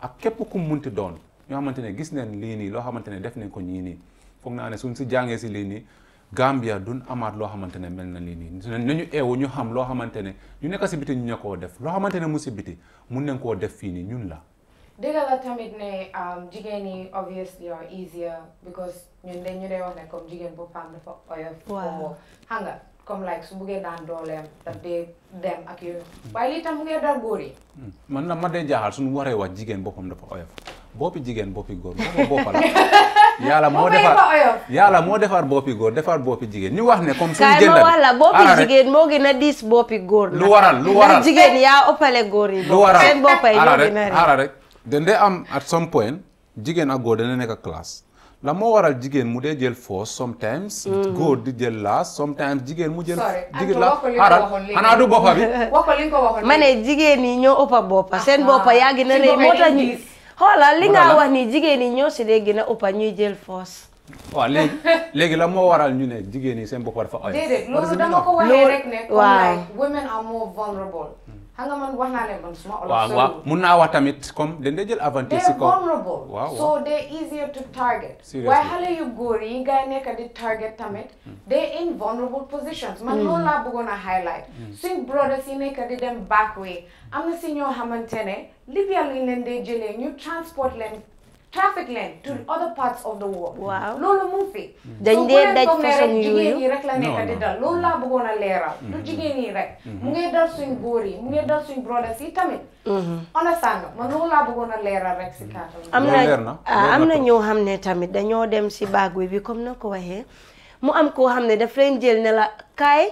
Speaker 2: ak képp ku munti doon ñoo xamante ne gis neen lii nii loo xamante ne def nañ ko ñii nii foog naa ne su si jàngee si lii nii Gambia duñ amaat loo xamante ne mel na lii nii nañu eewu ñu xam loo xamante ne ñu nekk si ñu ne koo def loo xamante ne mu si biti mun nañ koo def fii nii ñun la
Speaker 1: dëgg la tamit ne jigéen ñi obviously are easier because ñun de ñu dee wax ne comme jigéen boppam dafa oyof. waaw xam nga comme like su buggee daan dooleem daf dee dem ak yooyu yi.
Speaker 2: man nag ma dee jaaxal suñu waree wax jigéen boppam dafa oyof boppi jigéen boppi góor boppa boppa la. yàlla moo yàlla moo defar boppi góor defar boppi jigéen ñu wax ne comme suñu jëndal kaay boppi jigéen
Speaker 6: lu waral lu waral jigéen yi. lu waral
Speaker 2: then am at some point jigéen ak góor ne nekk classe la moo waral jigéen mu dee jël force sometimes. Mm-hmm. góor di jël laas sometimes jigéen mu jël. jigéen la xanaa du boppa bi.
Speaker 6: waxu li ko waxoon ma jigéen ñi ñoo ëpp a boppa ah, seen boppa yaa gën a moo tax ñu jigéen ñi ñoo si dee gën a ñuy jël force.
Speaker 2: waaw léegi léegi la moo waral ñu ne jigéen ñi seen boppa dafa oyof. déedéet
Speaker 1: loolu dama waaw xam man wax naa leen man suma olof. waaw waaw
Speaker 2: mun naa wax tamit comme dañ jël avantage. si kaw vulnerable so
Speaker 1: they easier to target. seriously waaye xale yu góor yi ngay nekk di target tamit. Mm, mm. they in vulnerable positions. man mm. loolu laa bëggoon a highlight. suñ brothers yi nekk di dem back way am na si ñoo xamante ne Libya lañ leen dee jëlee ñu transport leen. traffic lane to hmm. other parts of the world. waaw mu fi. dañ dee daj façon yooyu jigéen ñi rek la nekk di dal loolu laa bëggoon leeral. Hmm. du jigéen rek. Hmm. mu ngi dal suñ góor mu ngi dal suñ brothers yi tamit. understand man loolu bëggoon a leeral rek si
Speaker 6: kàttan. Ah, am na am na ñoo xam ne tamit dañoo dem si baag bi comme na ko waxee mu am koo xam ne daf leen jël ne la kay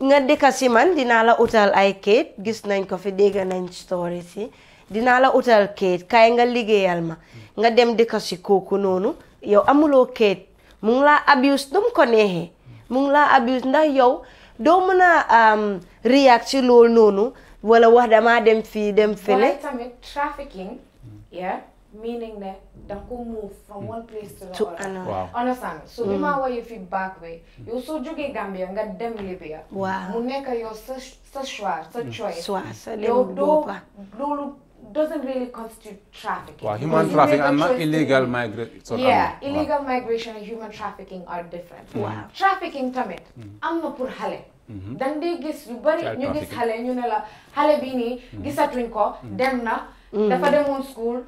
Speaker 6: nga dika si man dinaa la utal ay kayit gis nañ ko fi dégg nañ story si dinaa la utal kayit kaay nga liggéeyal ma nga dem dëkk si kooku noonu yow amuloo kayit mu ngi laa abuse nu mu ko neexee mu laa abuse ndax yow doo mën a react si loolu noonu wala wax damaa dem fii dem fële.
Speaker 1: tamit trafficking yeah meaning ne to another. understand so mm. bi maa woowee fii back way yow soo jógee Gambia nga dem Libya. waaw mu doesn't really constitute trafficking. Well, human trafficking and not illegal
Speaker 2: migration. So yeah, illegal
Speaker 1: migration and human trafficking are different. Mm-hmm. Trafficking tamit, mm-hmm. am na pour xale. Mm-hmm. dañ gis yu bari ñu gis xale ñu ne la xale bi nii gisatuñ ko dem na. dafa demoon school.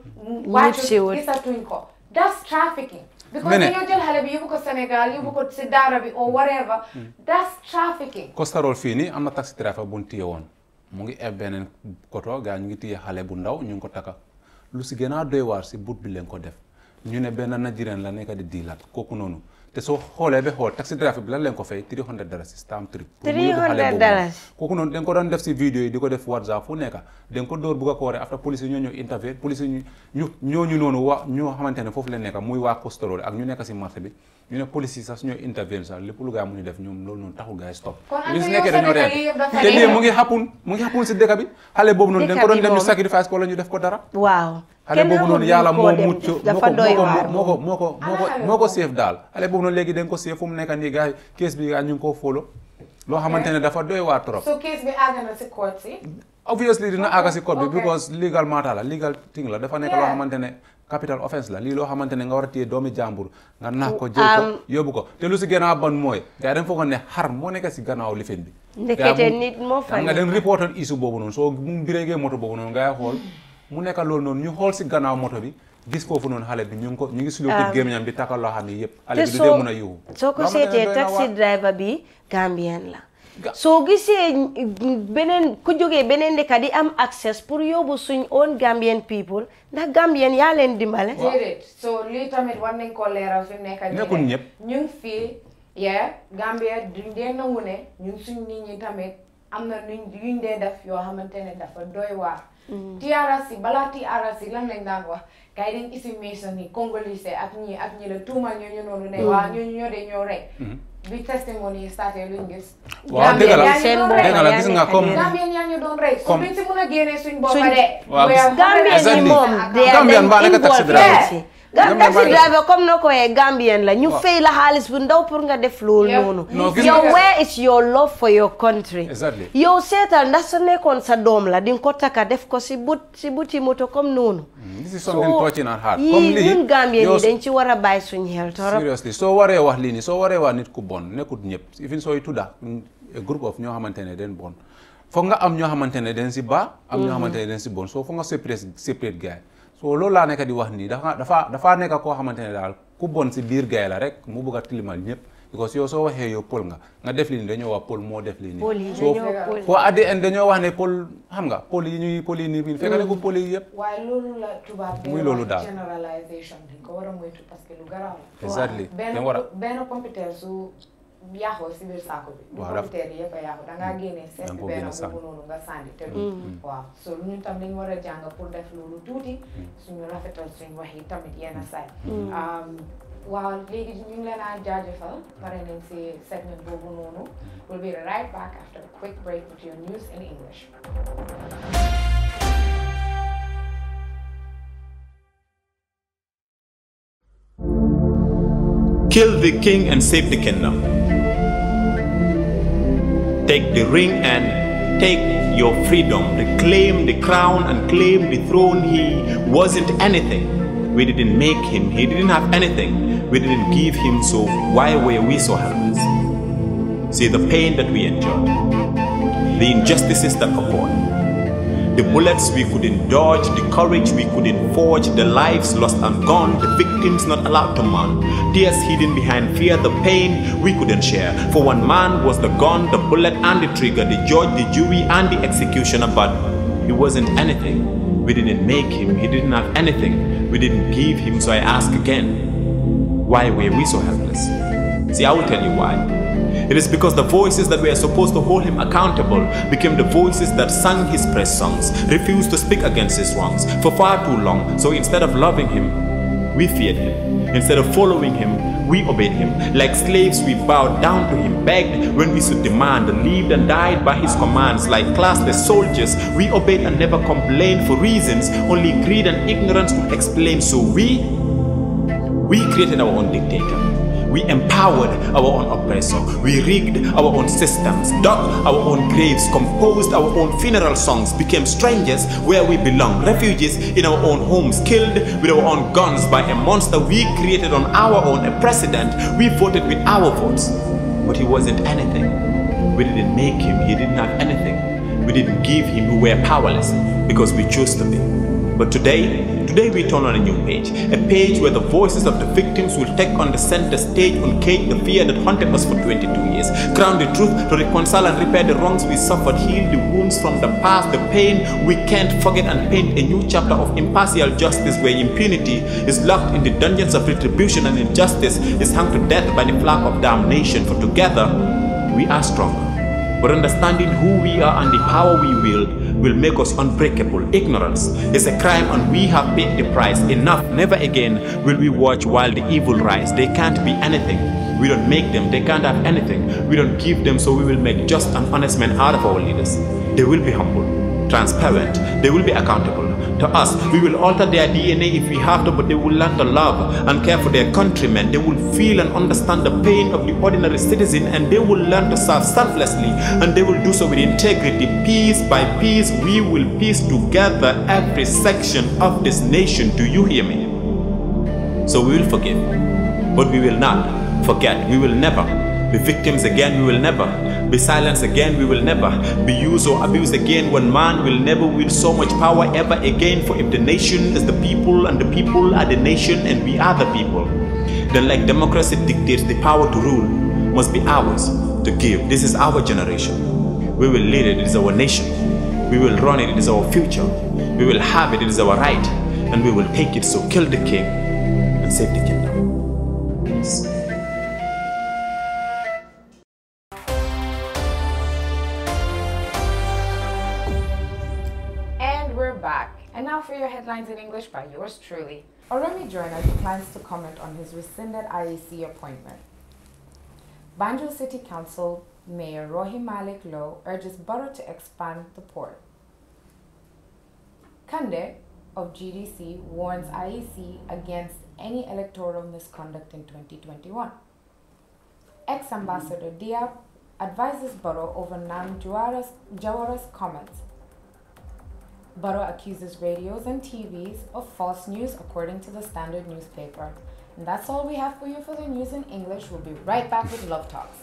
Speaker 1: wàccu gisatuñ ko. that's trafficking. because dañoo jël xale bi yóbbu ko Sénégal yóbbu ko si bi or whatever. that's trafficking.
Speaker 2: Costa Roll fii nii am na taxi driver bu ñu téye woon. mu ngi eb beneen koto gaa ñu ngi téye xale bu ndaw ñu ngi ko takka lu si gën a doy waar si but bi leen ko def ñu ne benn na Nigerian la nekk di diilaat kooku noonu te soo xoolee ba xool taxi driver bi lan leen ko fay 300 dalasi stamp trip. 300 dalasi kooku noonu dañ ko doon def si vidéo yi di ko def whatsapp fu nekk dañ ko door bugg a ko waree après police yi ñoo ñëw intervenir police yi ñu ñooñu noonu waa ñoo xamante ne foofu leen nekk muy waa Costoro ak ñu nekk si marché bi. ñu ne police yi sax su ñuy intervenir sax lépp lu gaa mu ñu def ñoom loolu noonu taxul gaa yi stop. kon am te lii mu ngi xàppun mu ngi xàppun si noonu dañ ko doon dem ñu sacrifice ko la ñu def ko dara. waaw xale boobu noonu yàlla moo mucc moo ko moo ko moo ko moo ko seef daal xale boobu noonu léegi dañ ko seef fu mu nekk nii gaa yi kees bi gaa ñu ngi koo fóolo loo xamante ne dafa doy waar trop. su kees obviously dina àgg si code bi because legal matter la legal thing la dafa nekk loo xamante capital offense la lii loo xamante nga war a téye doomi jàmbur nga naax ko um, jël ko yóbbu ko te lu si gannaaw ban mooy gars yi ne xar moo nekk si gannaaw lifin bi
Speaker 6: ndekete nit moo fa nga den
Speaker 2: reportal issue boobu noonu soo mu biréegee moto boobu noonu ngay xool mu nekk loolu noonu ñu xool si gannaaw moto bi gis foofu noonu xale bi ñu ngi ko ñu
Speaker 6: ngi um, a soo gisee beneen ku jógee beneen dëkk di am access pour yóbbu suñ own Gambian people ndax Gambian yaa leen dimbale. déedéet
Speaker 1: so lii tamit war nañ ko leeral fi mu nekk. nekkul ñëpp ñu ngi fii. yeah Gambia duñ dee nangu ne ñun suñ nit ñi tamit am na luñ yuñ dee def yoo xamante ne dafa doy waar. Mm. TRRC balaa TRRC lan lañ daan wax kay dañ isi mason yi congolais ak ñi ak ñi la tuuma ñooñu noonu ne. Mm. waa ñooñu ñoo de ñoo rey. Mm-hmm. bi testimony yi starté luñ gis. waaw dëgg la dëgg la gis nga comme. Gambien
Speaker 6: yaa ñu doon rey. comme suñ si mën a génnee suñ
Speaker 2: bopp de.
Speaker 1: waaw
Speaker 4: gis Gambien ni moom. Gambien
Speaker 2: mbaa nekk taxi
Speaker 6: driver taxi driver comme ko waxee la ñu fay la xaalis bu ndaw pour nga def loolu noonu yow where is your love for yow seetal ndax sa nekkoon sa doom la di nga ko takka def ko si but si buti moto comme noonu mm, yii ñun Gambien yi dañ ci war a bàyyi suñu xel torop
Speaker 2: soo waree wax lii nii soo waree wax nit ku bon nekkut ñëpp even sooy tudda mm, groupe of ñoo xamante ne den bon foog nga am ñoo xamante ne den si baax am ñoo mm-hmm. xamante ne den si bon soo foog nga séparé séparé gars so loolu laa nekk di wax nii dafa dafa dafaa koo xamante ne daal ku bon si biir gay la rek mu bëgg a tilimal ñëpp because yow soo waxee yow Paul nga nga def lii nii dañoo wax Paul moo def lii nii so fo at the end wax ne Paul xam nga Paul yi ñuy Paul yi nii fekkale ko Paul yi yëpp
Speaker 1: mm. loolu muy loolu daal generalisation dañ ko war a moytu parce lu garaaw la exactly benn yaho sibiri sako volontaire yëpp a yaho da ngaa génne seet bi benn boobu noonu nga sànni te du waaw so lu ñu tam dañ war a jàng pour def loolu tuuti suñu rafetal suñu wax yi tamit yenn saay waaw léegi ñu ngi leen a jaajëfal pare nañ si segment boobu noonu we'll be right back after a quick break with your news in English
Speaker 10: Kill the king and save the kingdom. take the ring and take your freedom, reclaim the crown and claim the throne. He wasn't anything. We didn't make him. He didn't have anything. We didn't give him. So why were we so helpless? See the pain that we endured, the injustices that occurred the bullets we couldn't dodge, the courage we couldn't forge, the lives lost and gone, the victims not allowed to mourn, tears hidden behind fear, the pain we couldn't share. For one man was the gun, the bullet, and the trigger, the judge, the jury, and the executioner, but he wasn't anything. We didn't make him, he didn't have anything. We didn't give him, so I ask again, why were we so helpless? See, I will tell you why. It is because the voices that were supposed to hold him accountable became the voices that sang his praise songs, refused to speak against his wrongs for far too long. So instead of loving him, we feared him. Instead of following him, we obeyed him. Like slaves, we bowed down to him, begged when we should demand, lived and died by his commands. Like classless soldiers, we obeyed and never complained for reasons only greed and ignorance could explain. So we, we created our own dictator. We empowered our own oppressor. We rigged our own systems, dug our own graves, composed our own funeral songs, became strangers where we belong, refugees in our own homes, killed with our own guns by a monster we created on our own, a president we voted with our votes. But he wasn't anything. We didn't make him, he didn't have anything. We didn't give him, we were powerless because we chose to be. But today, today we turn on a new page, a page where the voices of the victims will take on the center stage, uncage the fear that haunted us for 22 years, crown the truth to reconcile and repair the wrongs we suffered, heal the wounds from the past, the pain we can't forget, and paint a new chapter of impartial justice where impunity is locked in the dungeons of retribution and injustice is hung to death by the flag of damnation. For together, we are stronger. But understanding who we are and the power we wield, will make us unbreakable. Ignorance is a crime and we have paid the price. Enough. Never again will we watch while the evil rise. They can't be anything. We don't make them. They can't have anything. We don't give them, so we will make just and honest men out of our leaders. They will be humble, transparent. They will be accountable to us. We will alter their DNA if we have to, but they will learn to love and care for their countrymen. They will feel and understand the pain of the ordinary citizen and they will learn to serve selflessly and they will do so with integrity. Piece by piece, we will piece together every section of this nation. Do you hear me? So we will forgive, but we will not forget. We will never be victims again. We will never be silenced again. We will never be used or abused again. One man will never wield so much power ever again. For if the nation is the people and the people are the nation and we are the people, then like democracy dictates, the power to rule must be ours to give. This is our generation. We will lead it. It is our nation. We will run it. It is our future. We will have it. It is our right. And we will take it. So kill the king and save the kingdom.
Speaker 1: Headlines in English by yours truly. Oromi Joyner declines to comment on his rescinded IEC appointment. Banjo City Council Mayor Rohi Malik Low urges Borough to expand the port. Kande of GDC warns IEC against any electoral misconduct in 2021. Ex-Ambassador Diab advises Borough over Nam Jawara's comments Baro accuses radios and TVs of false news according to the Standard newspaper. And that's all we have for you for the news in English. We'll be right back with Love Talks.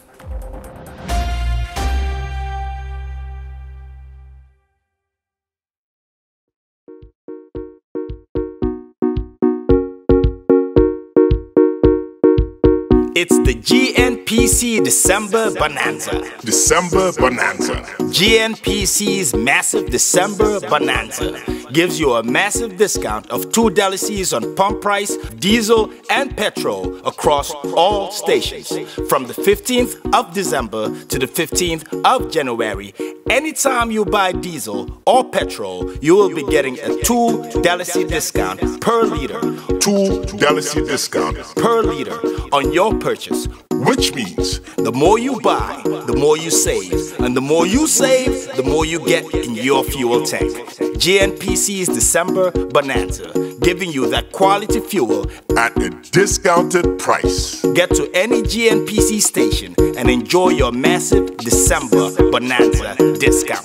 Speaker 3: It's the GNPC December Bonanza. December Bonanza. GNPC's massive December Bonanza gives you a massive discount of two delices on pump price, diesel, and petrol across all stations from the 15th of December to the 15th of January Anytime you buy diesel or petrol, you will be getting a two Dalasi discount per liter. Two Dalasi discount per liter on your purchase which means the more you buy, the more you save. And the more you save, the more you get in your fuel tank. GNPC's December Bonanza, giving you that quality fuel at a discounted price. Get to any GNPC station and enjoy your massive December Bonanza discount.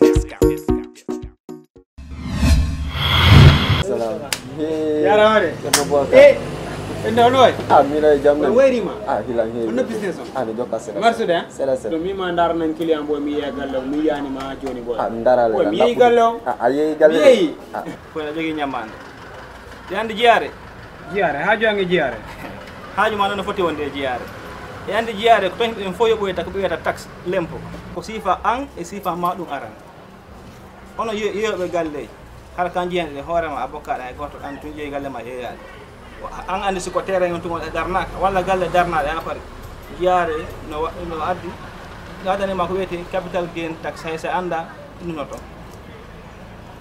Speaker 5: Hey. Enda oloi. Ah mira jamna. Weri ma. Ah hilang hilang. Unna business on. Ah nan kili ambo mi ya gallo mi ya ni ma joni boy. Ah ndara le. Mi ya gallo. Ah ayi
Speaker 3: gallo. Mi.
Speaker 5: Ah. Ko na jogi nyamande. Yandi jiare. Jiare hajo ange jiare. Hajo ma non foti wonde jiare. Yandi jiare ko tan en fo lempo. Ko sifa an e sifa ma dum aran. Ono yeyoɓe galle har kan jiyan hoorema a e goto an tun jeeyi galle ma yeyade an andi siko terrain on tugol e darnaka walla galle darna ala pari yaare no no addi waɗanima ko wiyete capital gain taxe hay so anda ɗumnoto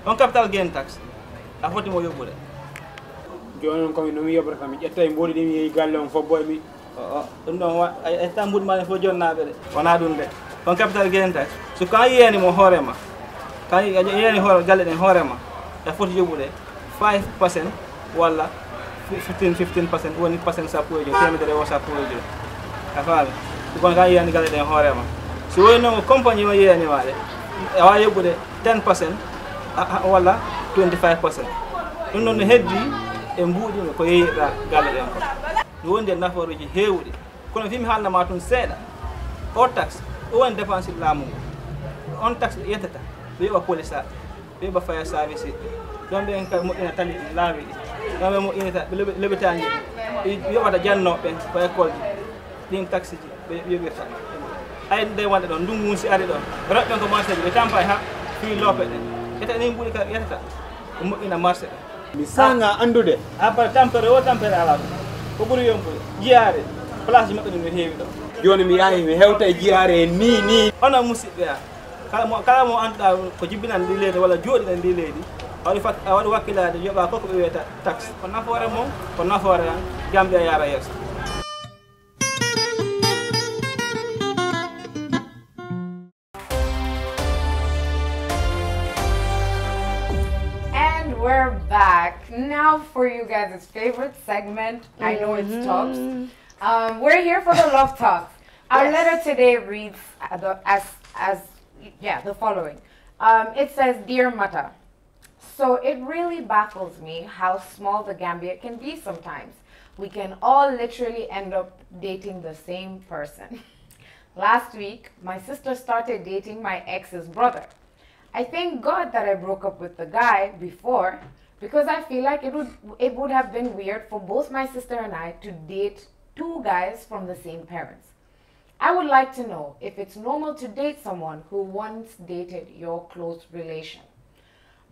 Speaker 5: on capital gain taxe a foti mo yoɓɓude joni noon komi no yoɓrata mi ƴetta e mboɗi ɗi mi yeehi galle on fobbo e mi ɗum ɗon etta mbuɗi maɗen fof jonnaɓe ɗe wona ɗum de on capital gain taxe so kan yiyani mo hoorema kan yiyani hoore galle ɗen hoorema a foti yoɓɓude 5 pourcent walla 15 15% woni percent sappo e joyi temedere o sappo e joyi a faami kono ka yiyani gale ɗen hoorema si woni noon compagnie o avez ɗe awa yobbude 10 percent walla 25 percent ɗum noon no heddi e mbuuɗino ko yeeyiɗa galle ɗen ko no wondi e naforuji heewɗi kono fimi haalnama tun seeɗa o taxe o woni dépense laamu ngu on taxe ɓe ƴettata ɓe yoɓa police aɓe yoɓa faya service ɗon ɓen kadi moƴƴina tali laawi Kami mau ini tak lebih lebih tanya. Ibu ada jangan nope, saya call di taksi di ibu kita. Ayat dia wanita don, dungu si ada don. Berat yang kemas lagi, sampai apa ha? Feel Kita ini bukan kerja kita. Kamu ini mas. Misalnya andu de, apa tempere, apa sampai alam. Kau yang buru, jari. Plus jemput ini mihir itu. Jangan mihir, mihir utai
Speaker 8: jari ni
Speaker 5: ni. Mana musik dia? Kalau mau kalau mau antar kau jibinan dilihat, walau jual dan dilihat And we're
Speaker 1: back now for you guys' favorite segment. I know it's mm-hmm. talks. Um, we're here for the love talks. Our yes. letter today reads as as yeah the following. Um, it says, "Dear Mata, so it really baffles me how small the Gambia can be sometimes. We can all literally end up dating the same person. Last week, my sister started dating my ex's brother. I thank God that I broke up with the guy before because I feel like it would it would have been weird for both my sister and I to date two guys from the same parents. I would like to know if it's normal to date someone who once dated your close relation.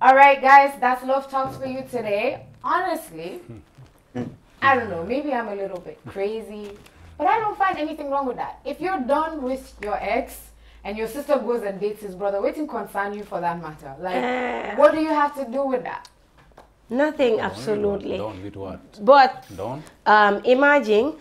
Speaker 1: All right, guys, that's Love Talks for you today. Honestly, hmm. I don't know, maybe I'm a little bit crazy, but I don't find anything wrong with that. If you're done with your ex, and your sister goes and dates his brother, waiting concern you for that matter.
Speaker 6: Like, eh. what do you have to do with that? Nothing, don't absolutely. Don't with what? But don't. Um, imagine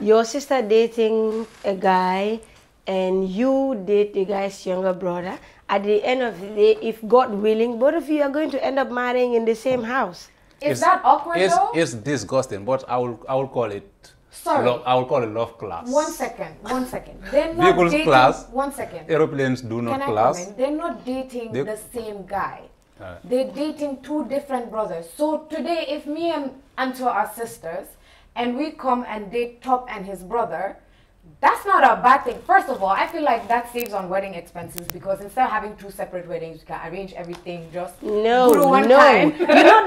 Speaker 6: your sister dating a guy, and you date the guy's younger brother, at the end of the day, if God willing, both of you are going to end up marrying in the same house. Is it's, that awkward it's, though?
Speaker 2: It's disgusting, but I will I will call it. Sorry. Love, I will call it love class. One
Speaker 6: second, one second.
Speaker 1: They're not Vehicles dating, class. One second.
Speaker 2: Aeroplanes do not Can class. I comment?
Speaker 1: They're not dating they, the same guy. Uh, They're dating two different brothers. So today, if me and Anto are sisters, and we come and date Top and his brother, that's not a bad thing. First of all, I feel like that saves on wedding expenses because instead of having two separate weddings, you can arrange everything just no, no. you know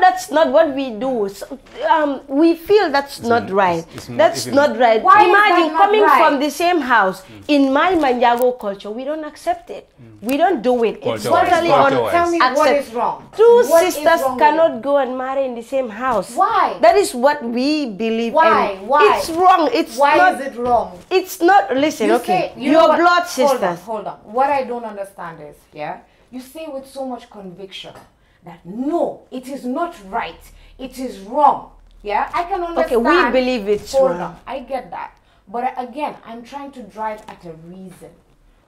Speaker 6: that's not what we do. So, um, we feel that's it's not right. It's, it's that's not, not right. Why Imagine coming right? from the same house. Mm. In my Manjago culture, we don't accept it. Mm. We don't do it. Culture it's totally on. Tell me accept. what is wrong. Two what sisters cannot go and marry in the same house. Why? That is what we believe. Why? In. Why? It's wrong. It's why not, is it wrong? It's not, listen, you okay. Say, you Your blood sisters. Hold on, hold
Speaker 1: on. What I don't understand is, yeah, you say with so much conviction that no, it is not right, it is wrong. Yeah, I can understand. Okay, we believe it's hold wrong. On. I get that. But again, I'm trying to drive at a reason.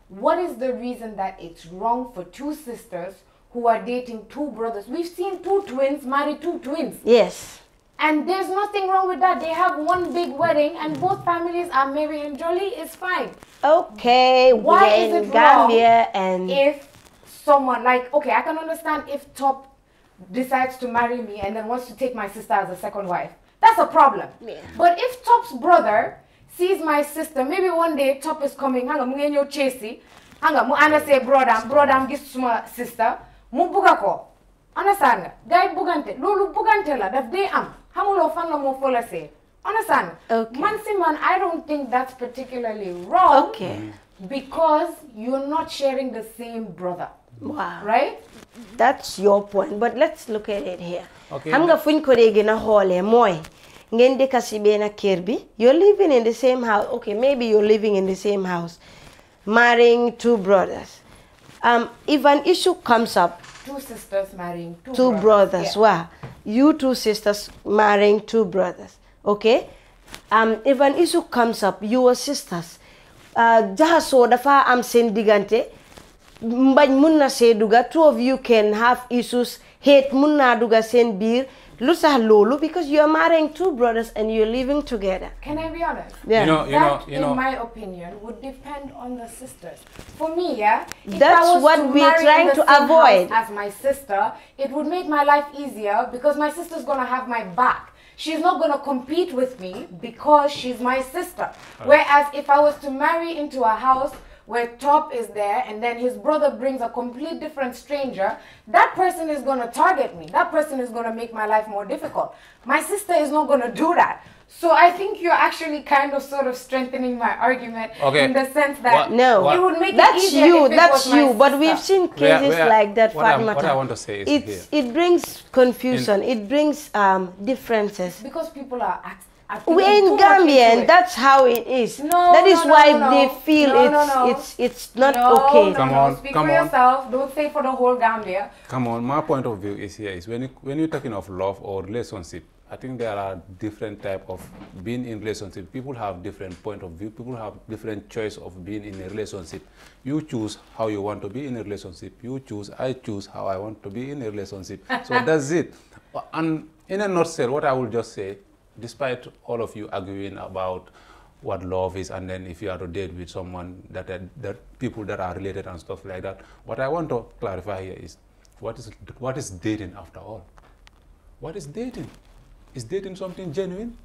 Speaker 1: What is the reason that it's wrong for two sisters who are dating two brothers? We've seen two twins marry two twins. Yes. And there's nothing wrong with that. They have one big wedding and both families are merry and jolly. It's fine.
Speaker 6: Okay. Why is it Gambia wrong and
Speaker 1: if someone like okay, I can understand if Top decides to marry me and then wants to take my sister as a second wife. That's a problem. Yeah. But if Top's brother sees my sister, maybe one day Top is coming, hang on, mungenyo chasey, hang on, ana say brother, brother gets my sister, mu bugako. Understand? Guy bugante, lulu bugante la, That day am xamuloo fan la moo foolasee understand man si man I don't think that's particularly wrong Okay.
Speaker 6: because you're not sharing the same brother Wow. Right? That's your point. But let's look at it here. Okay. I'm going to put it in a hole. Ngende kasibena kirbi. You're living in the same house. Okay, maybe you're living in the same house. Marrying two brothers. Um, if an issue comes up,
Speaker 1: two sisters marrying two, two brothers. brothers. Yeah. Wow.
Speaker 6: You two sisters marrying two brothers. Okay? Um, if an issue comes up, your sisters, uh, jaha so dafa am saying digante, mbañ mun na duga, two of you can have issues, hate mun duga send beer. Lusa Lulu because you're marrying two brothers and you're living together.
Speaker 1: Can I be honest? Yeah. You know, you that, know, you in my opinion, would depend on the sisters. For me, yeah.
Speaker 6: That's what we're trying to avoid. As
Speaker 1: my sister, it would make my life easier because my sister's gonna have my back. She's not gonna compete with me because she's my sister. Whereas if I was to marry into a house where Top is there and then his brother brings a complete different stranger, that person is going to target me. That person is going to make my life more difficult. My sister is not going to do that. So I think you're actually kind of sort of strengthening my argument okay. in the sense that what, no, what, it would make that's it easier you, if that's you.
Speaker 6: But we've seen cases like that. What, I, what I want to say is it's, here. it brings confusion. In, it brings um, differences because people are acting we are in Gambia and That's how it is. No, that is no, no, why no, they
Speaker 1: feel it's it's it's not okay. Come on, Speak come for on. yourself. Don't say for the whole Gambia.
Speaker 2: Come on. My point of view is here is when you, when you're talking of love or relationship, I think there are different type of being in relationship. People have different point of view. People have different choice of being in a relationship. You choose how you want to be in a relationship. You choose, I choose how I want to be in a relationship. so that's it. And in a nutshell, what I will just say, despite all of you arguing about what love is and then if you are to date with someone that, that people that are related and stuff like that what i want to clarify here is what is what is dating after all what is dating is dating something genuine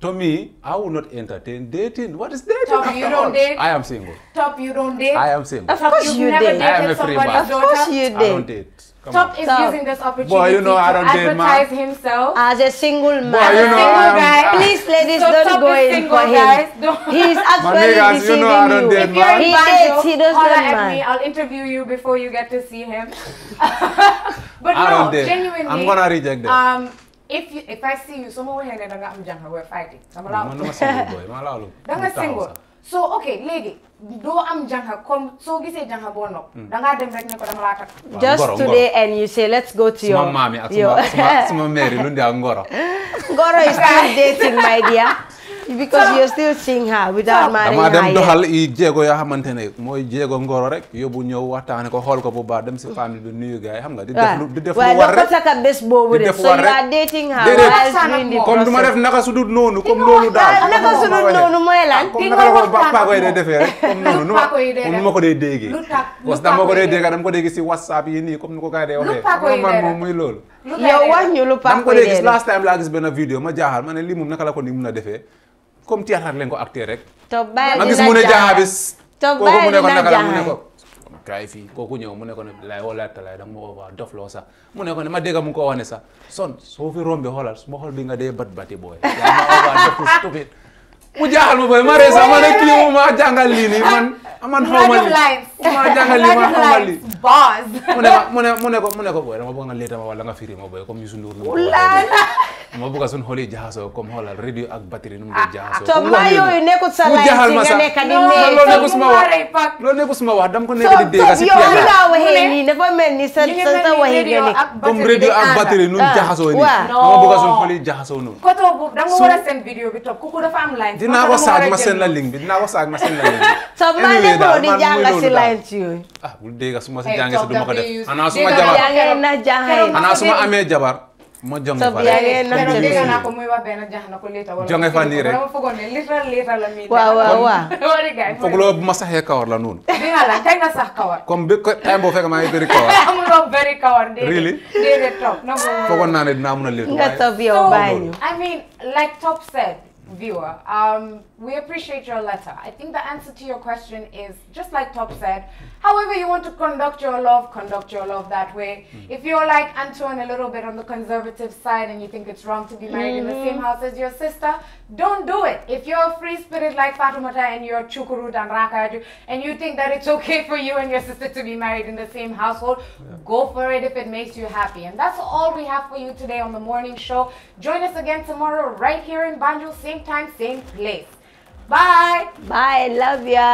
Speaker 2: to me, I will not entertain dating. What is dating? Top, you don't all? date. I am single.
Speaker 1: Top, you don't date. I am single. Of course, you, you date. I am a free man. Of course, you date. I don't
Speaker 2: date. Come Top
Speaker 1: on. is Top. using
Speaker 6: this
Speaker 2: opportunity you know, to advertise
Speaker 1: date,
Speaker 6: himself as a single
Speaker 2: man.
Speaker 1: Boy, you know, single guy. Please, ladies, so don't Top go in for him. Don't. He's actually niggas, deceiving you. Know
Speaker 6: you. Date, if you're in he Banjo, he does holler at me. I'll
Speaker 1: interview you before you get to see him.
Speaker 4: but I no, genuinely, I'm gonna reject that. Um,
Speaker 1: if you, if I see you, someone here, then I'm we're fighting. I'm allowed. I'm not single.
Speaker 4: boy. I'm single.
Speaker 1: So okay, lady. am janxa comme soo gisee janxa boo mm. da ngaa dem rek ne ko dama laa takk.
Speaker 4: just today
Speaker 6: and you say let's go to your. suma maami ak suma ngoro. ngoro is still dating my dear. because so, still seeing her without marrying her dem doxal
Speaker 2: i jéego yoo xamante ne mooy jéego ngoro rek yóbbu ñëw waxtaane ko xool ko bu baax dem si famille bi nuyu gars yi xam nga. di def lu war rek
Speaker 6: waaye bés boobu de. so you are dating her comme du ma def
Speaker 2: naka su dul noonu comme loolu daal. naka su dul noonu
Speaker 6: mooy lan. Ah, comme naka la ko baax day defee rek. comme ma nu ma ko dee déggee. lu tax dama ko dee
Speaker 2: déggee dama ko dee gis si whatsapp yi nii comme ni ko gars yi dee waxee. lu man moom muy loolu. yow wax ñu lu paa ko dee gis last time laa gis benn vidéo ma jaaxal ma ne lii moom naka la ko nii mun a defee comme théâtre leen ko acté rek. to bàyyi ma gis mu ne jaaxabis. to dina jaaxal mu ne ko kaay fii kooku ñëw mu ne ko ne laay wala talaay da nga ma ko loo sax mu ne ko ne ma dégg wax ne sax son soo fi rombe xoolal su ma xool bi nga dee bat bati booy yaa ma waa dof stupide mu jaaxal ma ba ma ree sax ma kii moom jàngal lii nii man. man xaw ma lii maa jàngal lii maa xaw ma lii. mu ne ma mu ne ko mu ne la booy dama nga lii dama wala nga firi ma booy comme Youssou Ndour. wulaala. ma bëgg a suñu xool yi jaxasoo comme xoolal radio ak batterie nu mu doon jaxasoo. to maa yooyu
Speaker 6: nekkul sa lay si nga nekk di nee loolu
Speaker 2: nekkul suma wax loolu nekkul suma wax dama ko nekk di dégg si yow li nga waxee
Speaker 6: nii dafa mel ni sa sa sa waxee nga nekk
Speaker 2: comme radio ak ah. batterie nu mu ah. jaxasoo nii ma bëgg a suñu xool yi jaxasoo noonu
Speaker 6: koto boobu
Speaker 1: dama war a seen vidéo bi toog kooku dafa am line dinaa ko saag ma seen la
Speaker 2: link bi dinaa ko saag ma seen la link bi to maa nekkul di jàng si line si yooyu ah bul dégg suma si jàng si duma ko def xanaa suma jabar
Speaker 6: xanaa suma amee
Speaker 2: jabar ma jonge fa
Speaker 1: jonge fa nii rek waaw waaw waaw foog
Speaker 2: loo bu ma saxee kawar la noonu comme bi time boo fekk maa ngi bëri kawar
Speaker 1: amuloo bëri kawar really déedéet top foogoon
Speaker 2: naa ne dinaa mun a nga top yow bàyyi
Speaker 1: I mean like Top said viewer, um, we appreciate your letter. I think the answer to your question is just like Top said, however you want to conduct your love, conduct your love that way. Mm. If you're like Antoine, a little bit on the conservative side and you think it's wrong to be married mm -hmm. in the mm-hmm. same house as your sister, don't do it. If you're a free spirit like Fatumata and you're Chukuru and Rakadu and you think that it's okay for you and your sister to be married in the same household, yeah. go for it if it makes you happy. And that's all we have for you today on the morning show. Join us again tomorrow right here in Banjo, same time, same place. Bye. Bye. Love ya.